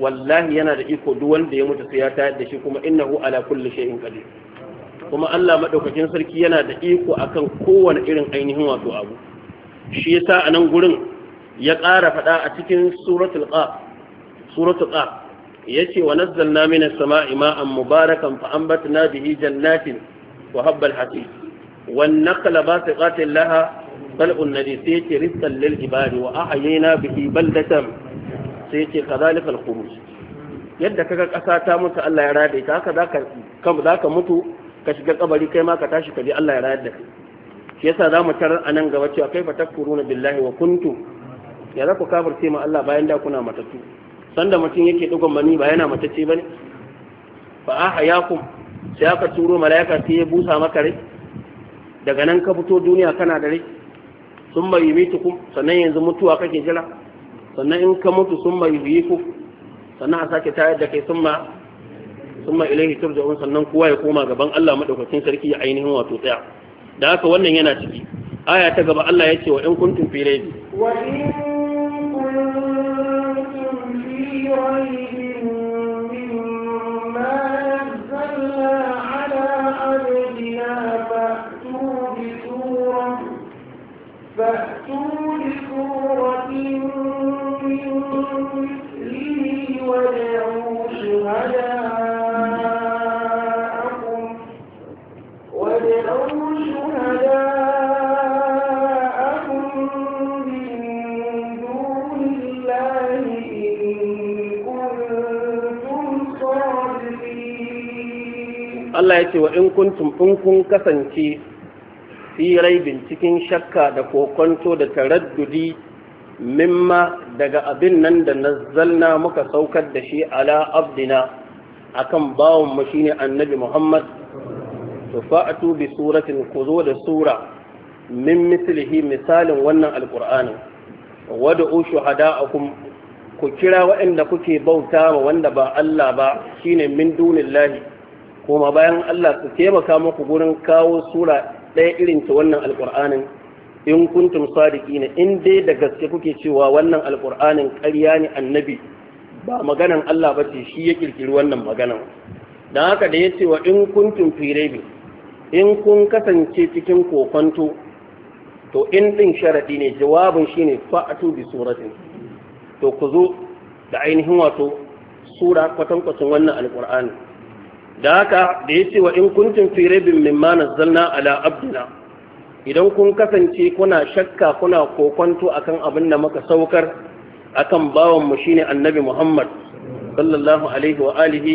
S1: wallahi yana da iko duk wanda ya mutu sai ya tayar da shi kuma innahu ala kulli shay'in qadir kuma Allah madaukakin sarki yana da iko akan kowane irin ainihin wato abu shi yasa a nan gurin ya ƙara faɗa a cikin suratul qaf suratul qaf yace wa nazzalna minas sama'i ma'an mubarakan fa anbatna bihi jannatin wa habbal hasib wan naqla basiqatin laha qal'un nadis yace rizqan lil ibadi wa ahyayna bihi baldatan sai yake al yadda kaga ƙasa ta mutu Allah ya rada ita haka zaka kan zaka mutu ka shiga kabari kai ma ka tashi ka Allah ya rayar da kai shi yasa zamu tar anan gaba cewa fa takfuruna billahi wa kuntu ya za ku kafirce ma Allah bayan da kuna matattu sanda mutum yake dukan mani ba yana matacce bane fa ahyakum sai aka turo malaika sai ya busa maka rai daga nan ka fito duniya kana da rai sun mai yimitukum sannan yanzu mutuwa kake jira sannan in ka mutu sun mai ku sannan a sake tayar da kai sun ma sun ma ilaihi turja'un sannan kowa ya koma gaban Allah madaukakin sarki ya ainihin wato tsaya da haka wannan yana ciki aya ta gaba Allah ya ce wa in kuntun fi raibi Allah ya ce wa in kun tumfinkun kasance sirai binciken shakka da kokonto da taraddudi mimma daga abin nan da nazzalna muka saukar da shi ala abdina akan bawon mu shine annabi Muhammad to fa'atu bi suratin ku zo da sura min mislihi misalin wannan alqur'ani wad'u shuhada'akum ku kira waɗanda kuke bauta wa wanda ba Allah ba shine min dunillahi kuma bayan Allah su taimaka muku gurin kawo sura ɗaya irin ta wannan alqur'anin in kuntum sadiqina in dai da gaske kuke cewa wannan alqur'anin ƙarya ne annabi ba maganan Allah ba ce shi ya kirkiri wannan maganan dan haka da yace wa in kuntum fi in kun kasance cikin kokonto to in din sharadi ne jawabin shine fa'atu bi suratin to ku zo da ainihin wato sura kwatankwacin wannan alqur'ani da haka da yace wa in kuntum fi mimma nazzalna ala abdina idan kun kasance kuna shakka kuna kokonto akan abin da muka saukar akan bawan mu shine annabi Muhammad sallallahu alaihi wa alihi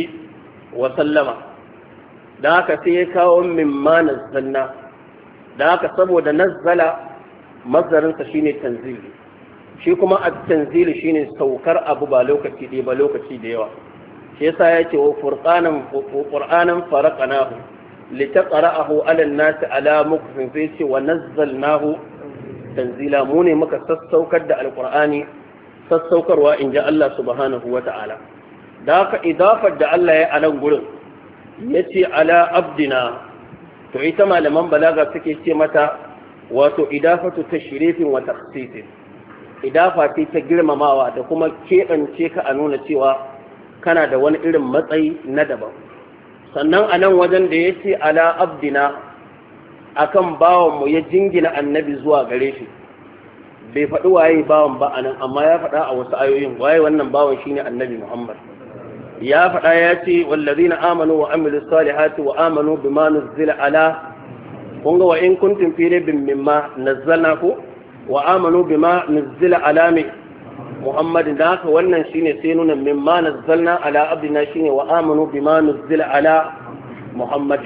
S1: wa sallama da haka sai ya kawo mimma nazzalna da haka saboda nazzala mazdarinsa shine tanzili shi kuma a tanzili shine saukar abu ba lokaci ɗaya ba lokaci da yawa shi yasa ya ce wa furqanan qur'anan litaqra'ahu 'ala an-nas 'ala mukfin sai ce wa nazzalnahu tanzila mu ne muka sassaukar da alqur'ani sassaukarwa in ji Allah subhanahu wa ta'ala da haka idafar da Allah ya anan gurin ya ce ala abdina to ita malaman balaga suke ce mata wato idafatu ta shirifin wa taqsisin idafa ta girmamawa da kuma keɓance ka a nuna cewa kana da wani irin matsayi na daban sannan a nan wajen da ya ce ala abdina akan bawanmu ya jingina annabi zuwa gare shi bai faɗi waye bawan ba anan amma ya faɗa a wasu ayoyin waye wannan bawan shine annabi muhammad ya faɗa ya ce na amanu wa amilu salihati wa amanu bima nuzzila ala kun wa in kuntum fi raibin mimma nazzalna ku wa amanu bima nuzzila ala mai Muhammad da haka wannan shine sai nuna min mimma nazzalna ala abdina shine wa amanu bima nuzzila ala muhammad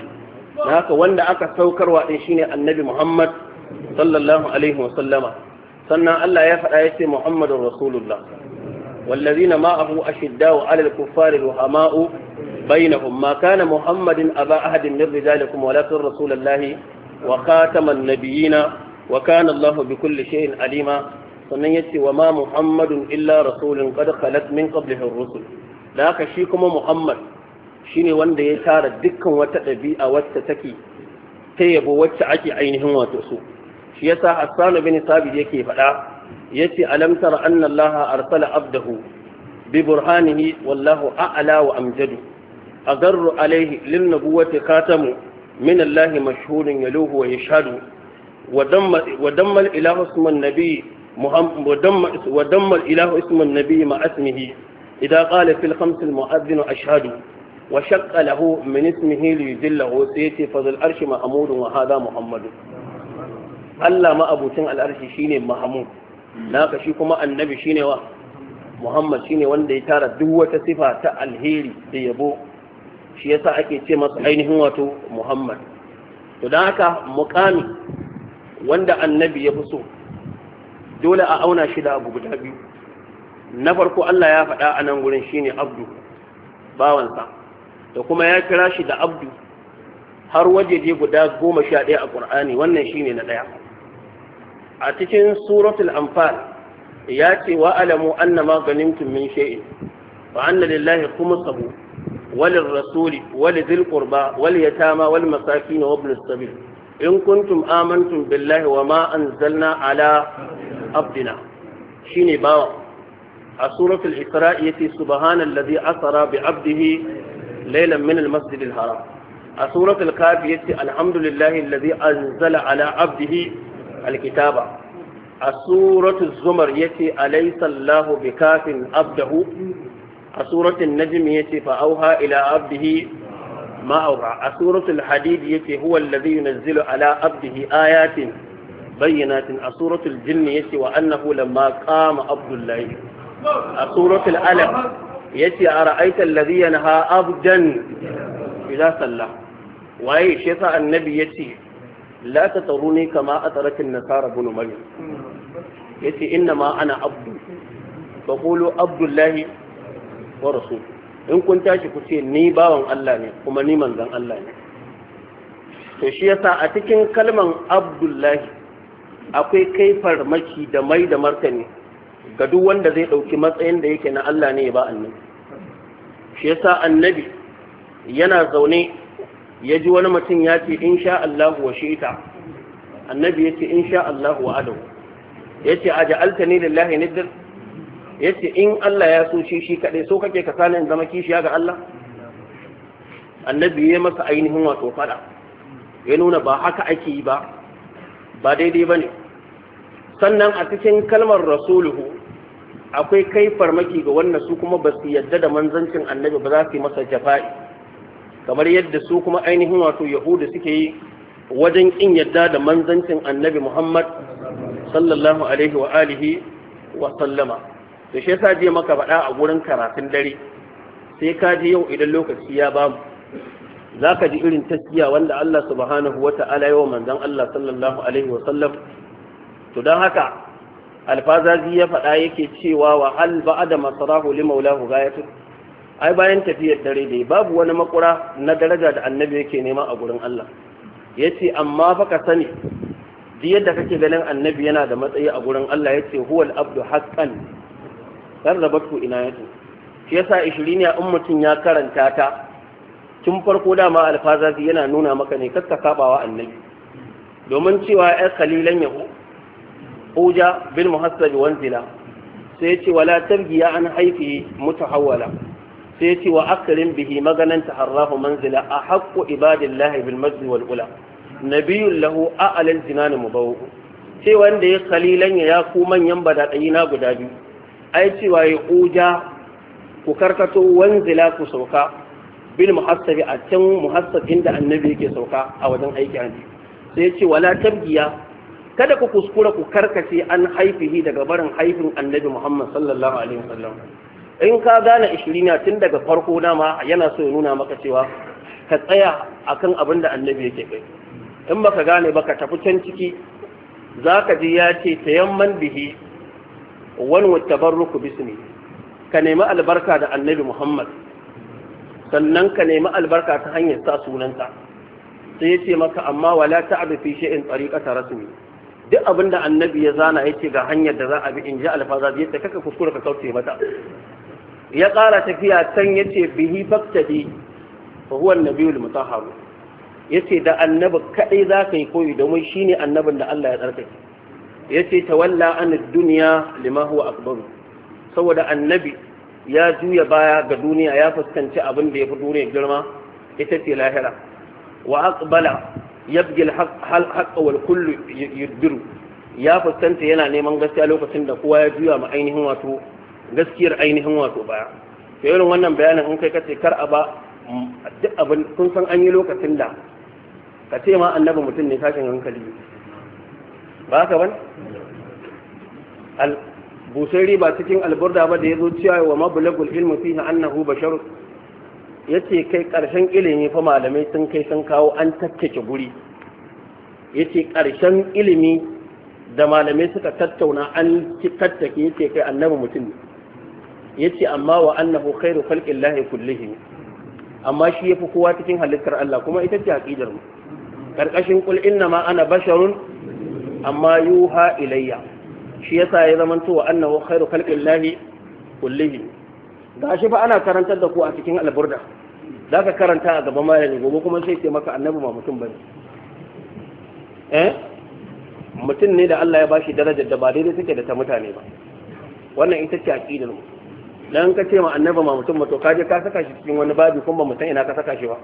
S1: da haka wanda aka saukarwa din shine annabi muhammad sallallahu alaihi wa sallama sannan Allah ya faɗa ya ce muhammadun rasulullah والذين معه أشداء على الكفار رحماء بينهم ما كان محمد أبا أحد من رجالكم ولكن رسول الله وخاتم النبيين وكان الله بكل شيء عليما sannan ya ce wa ma muhammadun illa rasulun qad khalat min qablihi rusul da haka shi kuma muhammad shine wanda ya tara dukkan wata ɗabi'a wacce take ta yabo wacce ake ainihin wato su. shi yasa hassan bin sabit yake faɗa yace alam tara anna allah arsala abdahu bi burhanihi wallahu a'la wa amjadu agarru alaihi lin nubuwati khatamu min allah mashhurun yaluhu wa yashhadu ودم, ودم الإله اسم النبي ودم الإله اسم النبي مع اسمه إذا قال في الخمس المؤذن أشهد وشق له من اسمه ليذله سيتي فذو الأرش مأمود وهذا محمد Allah ma'abucin al'arshi shine Mahmud naka shi kuma annabi shine wa Muhammad shine wanda ya tara duk wata sifa ta alheri da yabo shi yasa ake ce masa ainihin wato Muhammad to dan haka wanda annabi ya fi so dole a auna shi da abu guda biyu na farko Allah ya faɗa a nan gurin shine abdu bawansa da kuma ya kira shi da abdu har wajeje guda goma sha ɗaya a ƙur'ani wannan shine na ɗaya a cikin suratul anfal ya ce wa alamu anna ma ganimtum min shay'in fa anna lillahi khumsahu rasuli walidhil qurba wal yatama wal masakin wa ibn as in kuntum amantum billahi wa ma anzalna ala abdina shine bawa a suratul isra'i yace subhanallazi asara bi abdihi laylan min almasjid haram. a suratul kafi yace alhamdulillahi allazi anzala ala abdihi alkitaba a suratul zumar yace alaysa allahu bikafin abdahu a suratul najm yace fa auha ila abdihi ma'aura a suratul hadid yake huwa alladhi yunazzilu ala abdihi ayatin bayyinatin a suratul jinn yace wa annahu lamma qama abdullahi a suratul alaq yace ra'aita alladhi yanha abdan idza salla waye shi sa annabi yace la tataruni kama atarat an-nasara ibn maryam yace inna ma ana abdu fa qulu abdullahi wa rasuluhu in kun tashi ku ce ni bawan Allah ne kuma ni manzan Allah ne to shi yasa a cikin kalman abdullahi akwai kai farmaki da mai da martani ga duk wanda zai ɗauki matsayin da yake na Allah ne ba annabi shi yasa annabi yana zaune ya ji wani mutum ya ce insha Allah wa shi'ita annabi ya ce insha Allah wa adawu ya ce a ja'alta ni lillahi niddar yace in Allah ya so shi shi kadai so kake ka sani in zama kishiya ga Allah annabi ya masa ainihin wato fada ya nuna ba haka ake yi ba ba daidai ba ne sannan a cikin kalmar rasuluhu akwai kai farmaki ga wannan su kuma ba su yadda da manzancin annabi ba za su yi masa jafa'i kamar yadda su kuma ainihin wato yahuda suke yi wajen in yadda da manzancin annabi muhammad sallallahu alaihi wa alihi wa sallama da shi yasa je maka faɗa a gurin karatun dare sai ka je yau idan lokaci ya ba mu za ka ji irin taskiya wanda Allah subhanahu wa ta'ala yau manzon Allah sallallahu alaihi wa sallam to don haka alfazazi ya faɗa yake cewa wa hal ba'da masrahu li maulahu ghayatu ai bayan tafiyar dare dai babu wani makura na daraja da annabi yake nema a gurin Allah yace amma fa ka sani duk yadda kake ganin annabi yana da matsayi a gurin Allah yace huwal abdu haqqan ina inayatu shi yasa ishiriniya in mutum ya karanta ta tun farko dama alfazazi yana nuna maka ne kakka sabawa annabi domin cewa ya kalilan yahu uja bil muhassab wanzila sai ce wala targiya an haifi mutahawwala sai ce wa akrim bihi maganan taharrahu manzila a haqqu ibadillahi bil majdi wal ula nabiyun lahu a'lal jinan mubawu sai wanda ya kalilan ya ku manyan badadai na guda biyu ai cewa ya uja ku karkato wanzila ku sauka bil muhassabi a can muhassabin da annabi yake sauka a wajen aiki hajji sai ya ce wala tabgiya kada ku kuskura ku karkace an haifihi daga barin haifin annabi muhammad sallallahu alaihi wasallam in ka gane ishirina tun daga farko ma yana so ya nuna maka cewa ka tsaya akan abin da annabi yake kai in baka gane baka tafi can ciki zaka ka ji ya ce tayamman bihi wani tabarruku bismi ka nemi albarka da annabi muhammad sannan ka nemi albarka ta hanyar sa sunanta sai ya ce maka amma wala ta abu fi shi'in tsariƙata rasmi duk abin da annabi ya zana ya ce ga hanyar da za a bi in ji alfaza ya ce kaka kuskura ka kauce mata ya ƙara tafiya can ya ce bihi faktadi fa huwa annabiyul mutahharu ya ce da annabi kaɗai za ka yi koyi domin shine annabin da Allah ya tsarkake ya ce tawalla an duniya duniya lima huwa akbaru saboda annabi ya juya baya ga duniya ya fuskanci abin da fi duniya girma ita ce lahira wa aqbala yabgi alhaq haqq wal kullu yudbiru ya fuskanta yana neman gaskiya lokacin da kowa ya juya ma ainihin wato gaskiyar ainihin wato baya to irin wannan bayanin in kai kace kar a ba mm, duk abin kun san an yi lokacin da ka ce ma annabi mutum ne tashin hankali ba haka bane al busairi ba cikin alburda ba da yazo cewa wa mablagul ilmi fihi annahu bashar yace kai karshen ilimi fa malamai sun kai sun kawo an takkake guri yace karshen ilimi da malamai suka tattauna an tattake yace kai annabi mutum ne yace amma wa annahu khairu khalqillahi kullihim amma shi yafi kowa cikin halittar Allah kuma ita ce aqidar mu karkashin kul inna ma ana basharun amma yuha ilayya shi yasa ya zamanto wa annahu khairu khalqillahi kullihi gashi fa ana karantar da ku a cikin alburda za ka karanta a gaban malami gobe kuma sai ce maka annabi ba mutum bane eh mutum ne da Allah ya bashi darajar da ba daidai take da ta mutane ba wannan ita ce aqidar mu dan ka ce ma annabi ma mutum to kaje ka saka shi cikin wani babu kuma ba mutum ina ka saka shi ba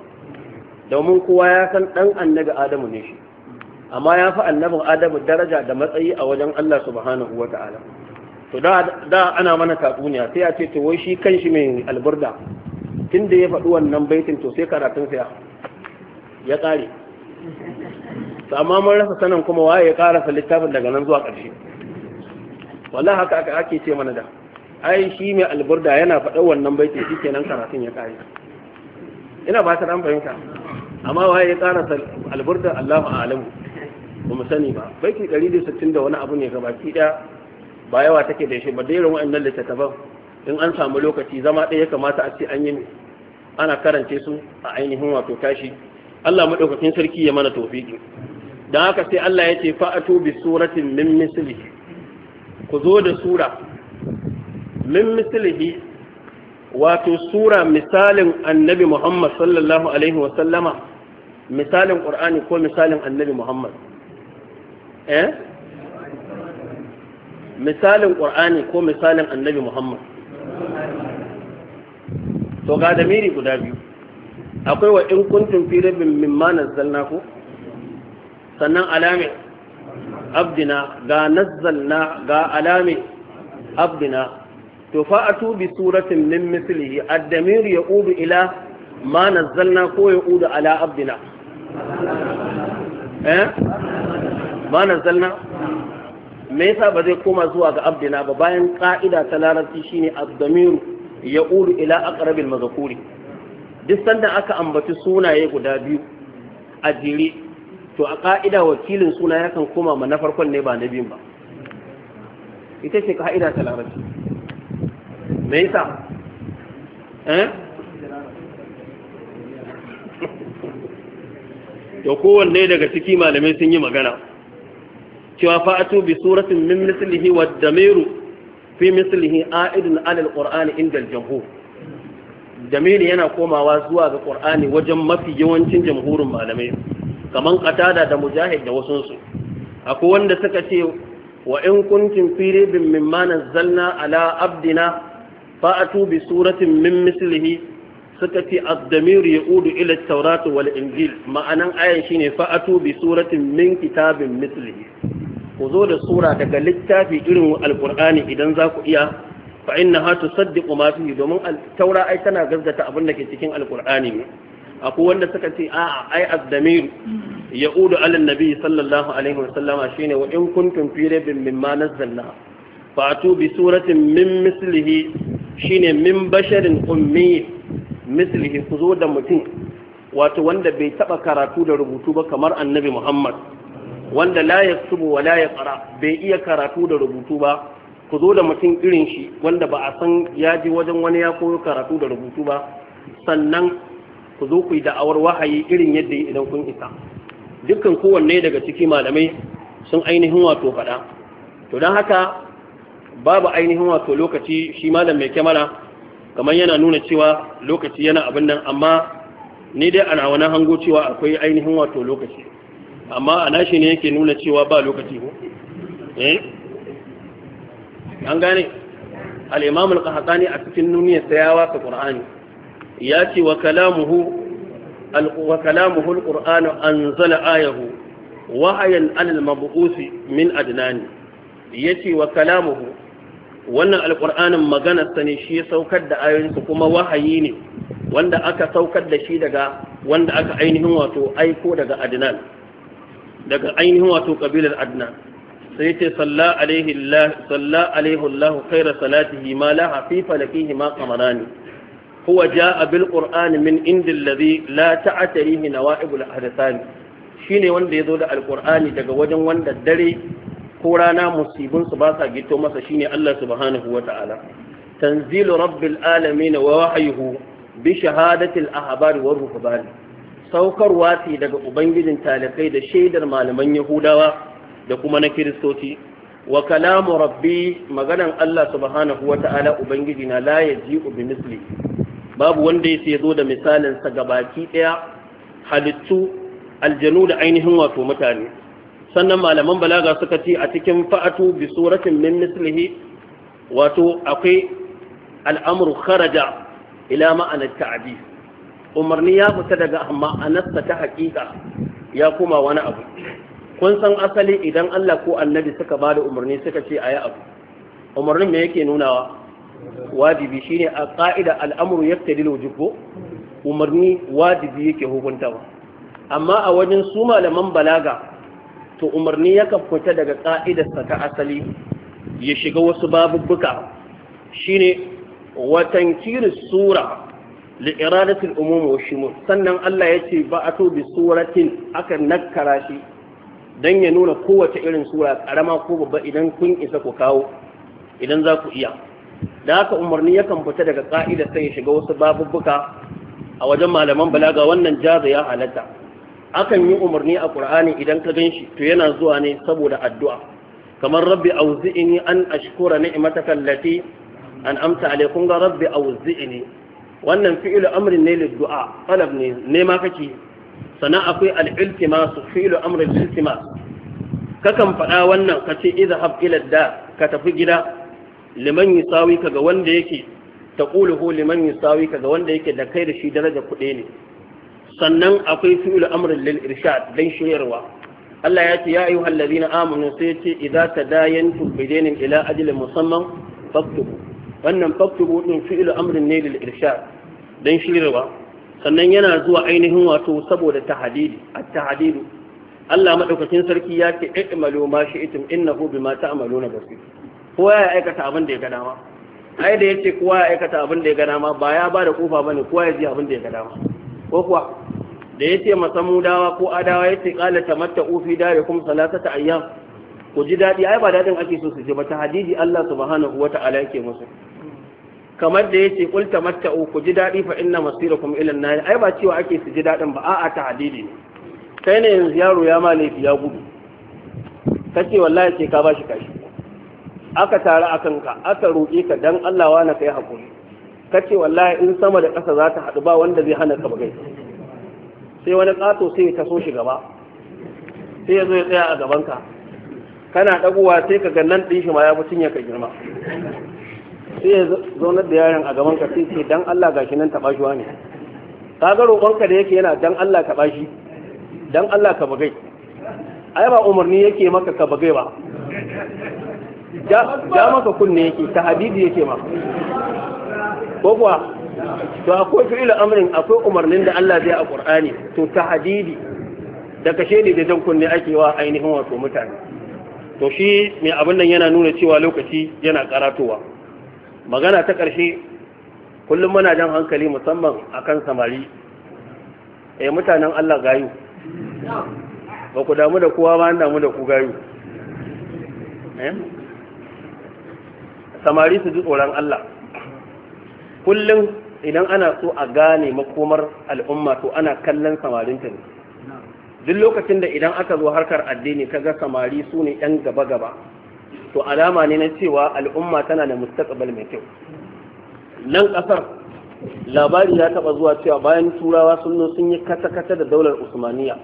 S1: domin kowa ya san dan annabi Adamu ne shi amma ya fi annabin adamu daraja da matsayi a wajen Allah subhanahu wa ta'ala to da ana mana tatsuniya sai a ce to wai shi kanshi mai alburda tun da ya faɗi wannan baitin to sai karatun sa ya ƙare to amma mun rasa sanin kuma waye ya ƙara sa littafin daga nan zuwa ƙarshe wallahi haka aka ake ce mana da ai shi mai alburda yana faɗi wannan baitin shikenan karatun ya ƙare ina ba ta dan fahimta amma waye ya karasa alburda Allahu a'lamu ba mu sani ba ki 160 da wani abu ne gabaki daya ba yawa take da shi ba ran wa'annan littattafan in an samu lokaci zama ɗaya ya kamata a ce an yi ana karance su a ainihin wato tashi Allah madaukakin sarki ya mana tofiki don haka sai Allah ya ce fa'atu bi suratin min mislihi ku zo da sura min mislihi wato sura misalin annabi Muhammad sallallahu alaihi wa sallama misalin ƙur'ani ko misalin annabi muhammad eh misalin ƙur'ani ko misalin annabi muhammad to ga da miri guda biyu akwai wa in kuntum fi rabbin mimma nazzalna ku sannan alami abdina ga nazzalna ga alami abdina to fa a bi suratin min mislihi ad-damir ya'udu ila ma nazzalna ko ya'udu ala abdina eh ma nazzalna me yasa ba zai koma zuwa ga abdina ba bayan ka'ida ta larabci shine ad ya ya'ulu ila aqrabil mazkuri duk sanda aka ambaci sunaye guda biyu a jere to a ka'ida wakilin suna yakan koma ma na farkon ne ba na biyun ba ita ce ka'ida ta larabci me yasa eh to kowanne daga ciki malamai sun yi magana cewa fa'atu bi suratin min mislihi wa damiru fi mislihi a'idun alal qur'ani inda al yana komawa zuwa ga qur'ani wajen mafi yawancin jamhurin malamai kaman qatada da mujahid da wasun su akwai wanda suka ce wa in kuntum fi ribin mimma nazzalna ala abdina fa'atu bi suratin min mislihi suka ce azdamiru ya udu ila tauratu wal injil ma'anan ayan shine fa'atu bi suratin min kitabin mislihi ku zo da sura daga littafi irin alqur'ani idan za ku iya fa innaha tusaddiqu ma fihi domin taura ai tana gaskata abin da ke cikin alqur'ani ne akwai wanda suka ce a'a ai azdamiru ya udu ala nabi sallallahu alaihi wasallama shine wa in kuntum fi raibin mimma nazzalna fa'atu bi suratin min mislihi shine min basharin ummi mislihi ku zo da mutum wato wanda bai taba karatu da rubutu ba kamar annabi Muhammad wanda la yaktubu wa la yaqra bai iya karatu da rubutu ba ku zo da mutum irin shi wanda ba a san ya ji wajen wani ya koyo karatu da rubutu ba sannan ku zo ku yi da'awar wahayi irin yadda idan kun isa dukkan kowanne daga ciki malamai sun ainihin wato faɗa to don haka babu ainihin wato lokaci shi malam mai kyamara kamar yana nuna cewa lokaci yana abin nan amma ni dai ana wani hango cewa akwai ainihin wato lokaci amma a nashi ne yake nuna cewa ba lokaci ko eh an gane al-imam al-qahtani a cikin nuniyar sayawa ta qur'ani ya ce wa kalamuhu wa kalamuhu al-qur'anu anzala ayahu ayan al mabu'usi min adnani yace wa kalamuhu wannan alƙur'anin maganarsa ne shi ya saukar da ayoyinsa kuma wahayi ne wanda aka saukar da shi daga wanda aka ainihin wato aiko daga adnan daga ainihin wato kabilar adnan sai ce salla alaihi Allah khaira salatihi ma la hafifa lafihi ma qamarani huwa jaa bil qur'ani min indil ladhi la ta'tarihi nawa'ibul ahdathani shine wanda zo da alqur'ani daga wajen wanda dare ko rana musibin su ba sa gito masa shine Allah subhanahu wata'ala tanzilu rabbil alamin wa wahyuhu bi shahadati al ahbar wa ruhban saukarwa ce daga ubangijin talakai da shaidar malaman yahudawa da kuma na kiristoci wa kalamu rabbi maganan Allah subhanahu wata'ala ubangiji na la yaji'u bi misli babu wanda ya zo da misalin sa gabaki daya halittu aljanu da ainihin wato mutane sannan malaman balaga suka ce a cikin fa'atu bi suratin min mislihi wato akwai al'amru kharaja ila ma'anar ta'adi umarni ya fita daga ma'anarsa ta haƙiƙa ya kuma wani abu kun san asali idan Allah ko annabi suka ba da umarni suka ce a yi abu umarnin me yake nunawa wajibi shine a ƙa'ida al'amuru ya tadi ko umarni wajibi yake hukuntawa amma a wajen su malaman balaga to umarni yakan fita daga ƙa'idarsa ta asali ya shiga wasu babubbuka shine watankiru sura li'iradatul umum wa shumul sannan Allah yace ba ato bi suratin aka nakkara shi dan ya nuna kowace irin sura karama ko babba idan kun isa ku kawo idan za ku iya da haka umarni yakan fita daga ka'ida sai ya shiga wasu babubbuka a wajen malaman balaga wannan jaza ya halatta akan yi umarni a ƙur'ani idan ka gan shi to yana zuwa ne saboda addu'a kamar rabbi auzi'ini an ashkura ni'mataka allati an'amta alayya kun ga rabbi auzi'ini wannan fi'ilu amrin ne lid du'a talab ne ma kake sana akwai al-iltimas fi'ilu amrin lil-iltimas kakan faɗa wannan kace idhab ila da ka tafi gida liman yusawi kaga wanda yake taquluhu liman yusawi kaga wanda yake da kai da shi daraja kuɗe ne sannan akwai fi'il amrin lil irshad dan shiryarwa Allah ya ce ya ayyuha allazina amanu sai ya ce idza tadayantum dinin ila ajalin musamman faktubu wannan faktubu din fi'il amrin ne lil irshad dan shiryarwa sannan yana zuwa ainihin wato saboda tahdidi at-tahdidu Allah madaukakin sarki ya ce i'malu ma shi'tum innahu bima ta'maluna basir Ko ya aikata abin da ya ga dama ai da yace kowa ya aikata abin da ya ga dama ba ya ba da kofa bane kowa ya ji abin da ya ga dama ko kuwa da ya ce masamudawa ko adawa ya ce kala tamatta ufi dare kuma ta ayyam ku ji daɗi ai ba daɗin ake so su ji ba ta hadidi Allah subhanahu wa ta'ala yake musu kamar da yace qul tamatta'u ku ji daɗi fa inna masirakum ila an-nar ai ba cewa ake su ji daɗin ba a'a ta hadidi ne kai ne yanzu yaro ya malafi ya gudu kace wallahi ce ka bashi kashi aka tare akan ka aka roƙe ka dan Allah wa na kai hakuri kace wallahi in sama da ƙasa za ta haɗu ba wanda zai hana ka bugai. sai wani ƙato sai ta so shi gaba sai ya zo ya tsaya a gabanka kana ɗaguwa sai ka gannan ɗin shi ma ya fi cinye ka girma sai ya zaunar da yaron a gabanka sai ce dan Allah gashi nan taɓa shi wani. ka ga roƙonka da yake yana dan Allah taɓa shi dan Allah ka bugai? ai ba umarni yake maka ka bugai ba
S3: ja maka
S1: kunne yake ta habibi yake maka ko kuwa to akwai fi'il amrin akwai umarnin da Allah zai a Qur'ani to ta hadidi da kashe ne da kunne ake wa ainihin wato mutane to shi mai abin nan yana nuna cewa lokaci yana karatowa magana ta ƙarshe kullum muna jan hankali musamman akan samari eh mutanen Allah gayu ba ku damu da kowa ba an damu da ku gayu eh? samari su ji tsoron Allah kullum idan ana so a gane makomar al'umma to ana kallon samarinta ne duk lokacin da idan aka zo harkar addini kaga samari su ne yan gaba-gaba to alama ne na cewa al'umma tana da mustaqbal mai kyau nan kasar labari ya taba zuwa cewa bayan turawa sun zo sun yi kata-kata da daular usmaniya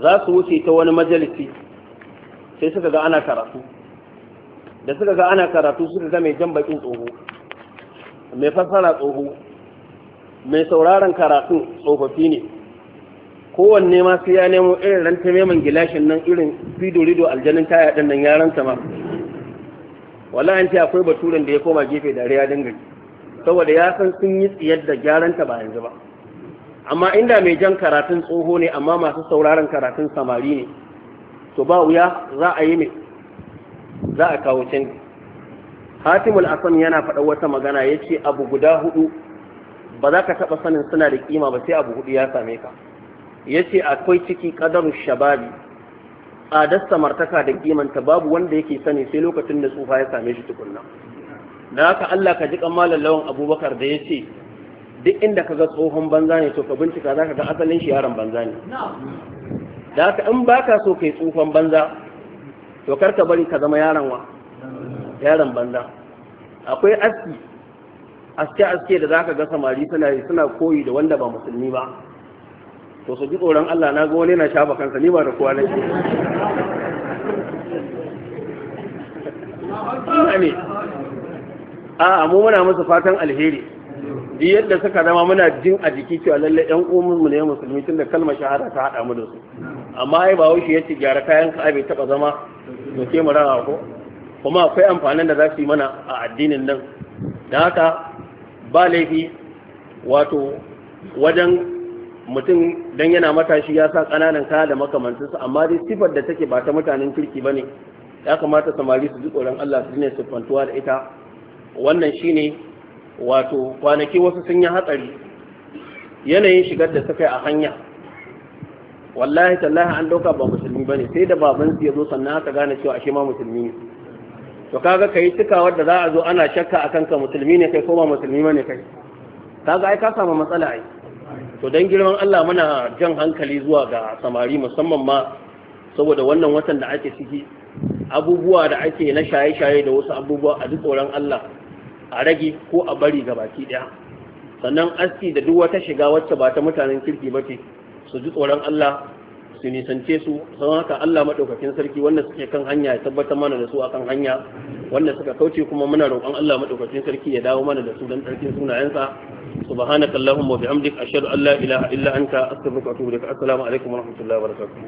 S1: za su wuce ta wani majalisi sai suka ga ana karatu da suka ga ana karatu suka ga mai jan bakin tsoho mai fassara tsoho mai sauraron karatu tsofaffi ne kowanne ma sai ya nemo irin ranta meman gilashin nan irin fido rido aljanin taya din nan ya ranta ma Wala ce akwai baturan da ya koma gefe da ya dinga saboda ya san sun yi tsiyar da gyaran ba yanzu ba amma inda mai jan karatun tsoho ne amma masu sauraron karatun samari ne to ba wuya za a yi ne za a kawo canji hatimul asam yana faɗa wata magana ya ce abu guda hudu ba za ka taɓa sanin suna da kima ba sai abu hudu ya same ka ya ce akwai ciki ƙadarun shababi tsadar samartaka da kimanta babu wanda yake sani sai lokacin da tsufa ya same shi tukunna da haka Allah ka ji kamalan lawan abubakar da ya ce duk inda ka ga tsohon banza ne to ka bincika za ka ga asalin shi yaron banza ne da haka in baka so kai tsufan banza to kar ka bari ka zama yaron wa yaron banda akwai aski aske aske da zaka ga samari suna yi suna koyi da wanda ba musulmi ba to su ji tsoron Allah na ga wani na shafa kansa ni ba da kowa nake ne a mu muna musu fatan alheri duk yadda suka zama muna jin a jiki cewa lalle yan mu ne musulmi tunda kalmar shahada ta hada mu da su amma ai ba wuce shi yace gyara kayan ka bai taba zama mu ke mu rawa ko kuma akwai amfanin da za su yi mana a addinin nan da haka ba laifi wato wajen mutum don yana matashi ya sa ƙananan kaya da makamantinsu amma dai sifar da take ba ta mutanen kirki ba ne ya kamata samari su ji tsoron Allah su ne siffantuwa da ita wannan shi ne wato kwanaki wasu sun yi hatsari yanayin shigar da suka yi a hanya wallahi tallahi an dauka ba musulmi ba ne sai da babansu ya zo sannan aka gane cewa ashe ma musulmi ne to kaga kai tukawar da za a zo ana shakka akan ka musulmi ne kai ko ba musulmi ne kai kaga ai ka samu matsala ai to dan girman Allah muna jan hankali zuwa ga samari musamman ma saboda wannan watan da ake ciki abubuwa da ake na shaye-shaye da wasu abubuwa a duk tsoron Allah a rage ko a bari ga baki daya sannan aski da duk wata shiga wacce ba ta mutanen kirki ba ce su ji tsoron Allah su nisance su don haka Allah madaukakin sarki wanda suke kan hanya ya tabbatar mana da su akan hanya wanda suka kauce kuma muna roƙon Allah madaukakin sarki ya dawo mana da su dan tsarkin sunayensa subhanakallahumma wa bihamdika ashhadu an la ilaha illa anta astaghfiruka wa atubu ilaik assalamu alaikum wa rahmatullahi wa barakatuh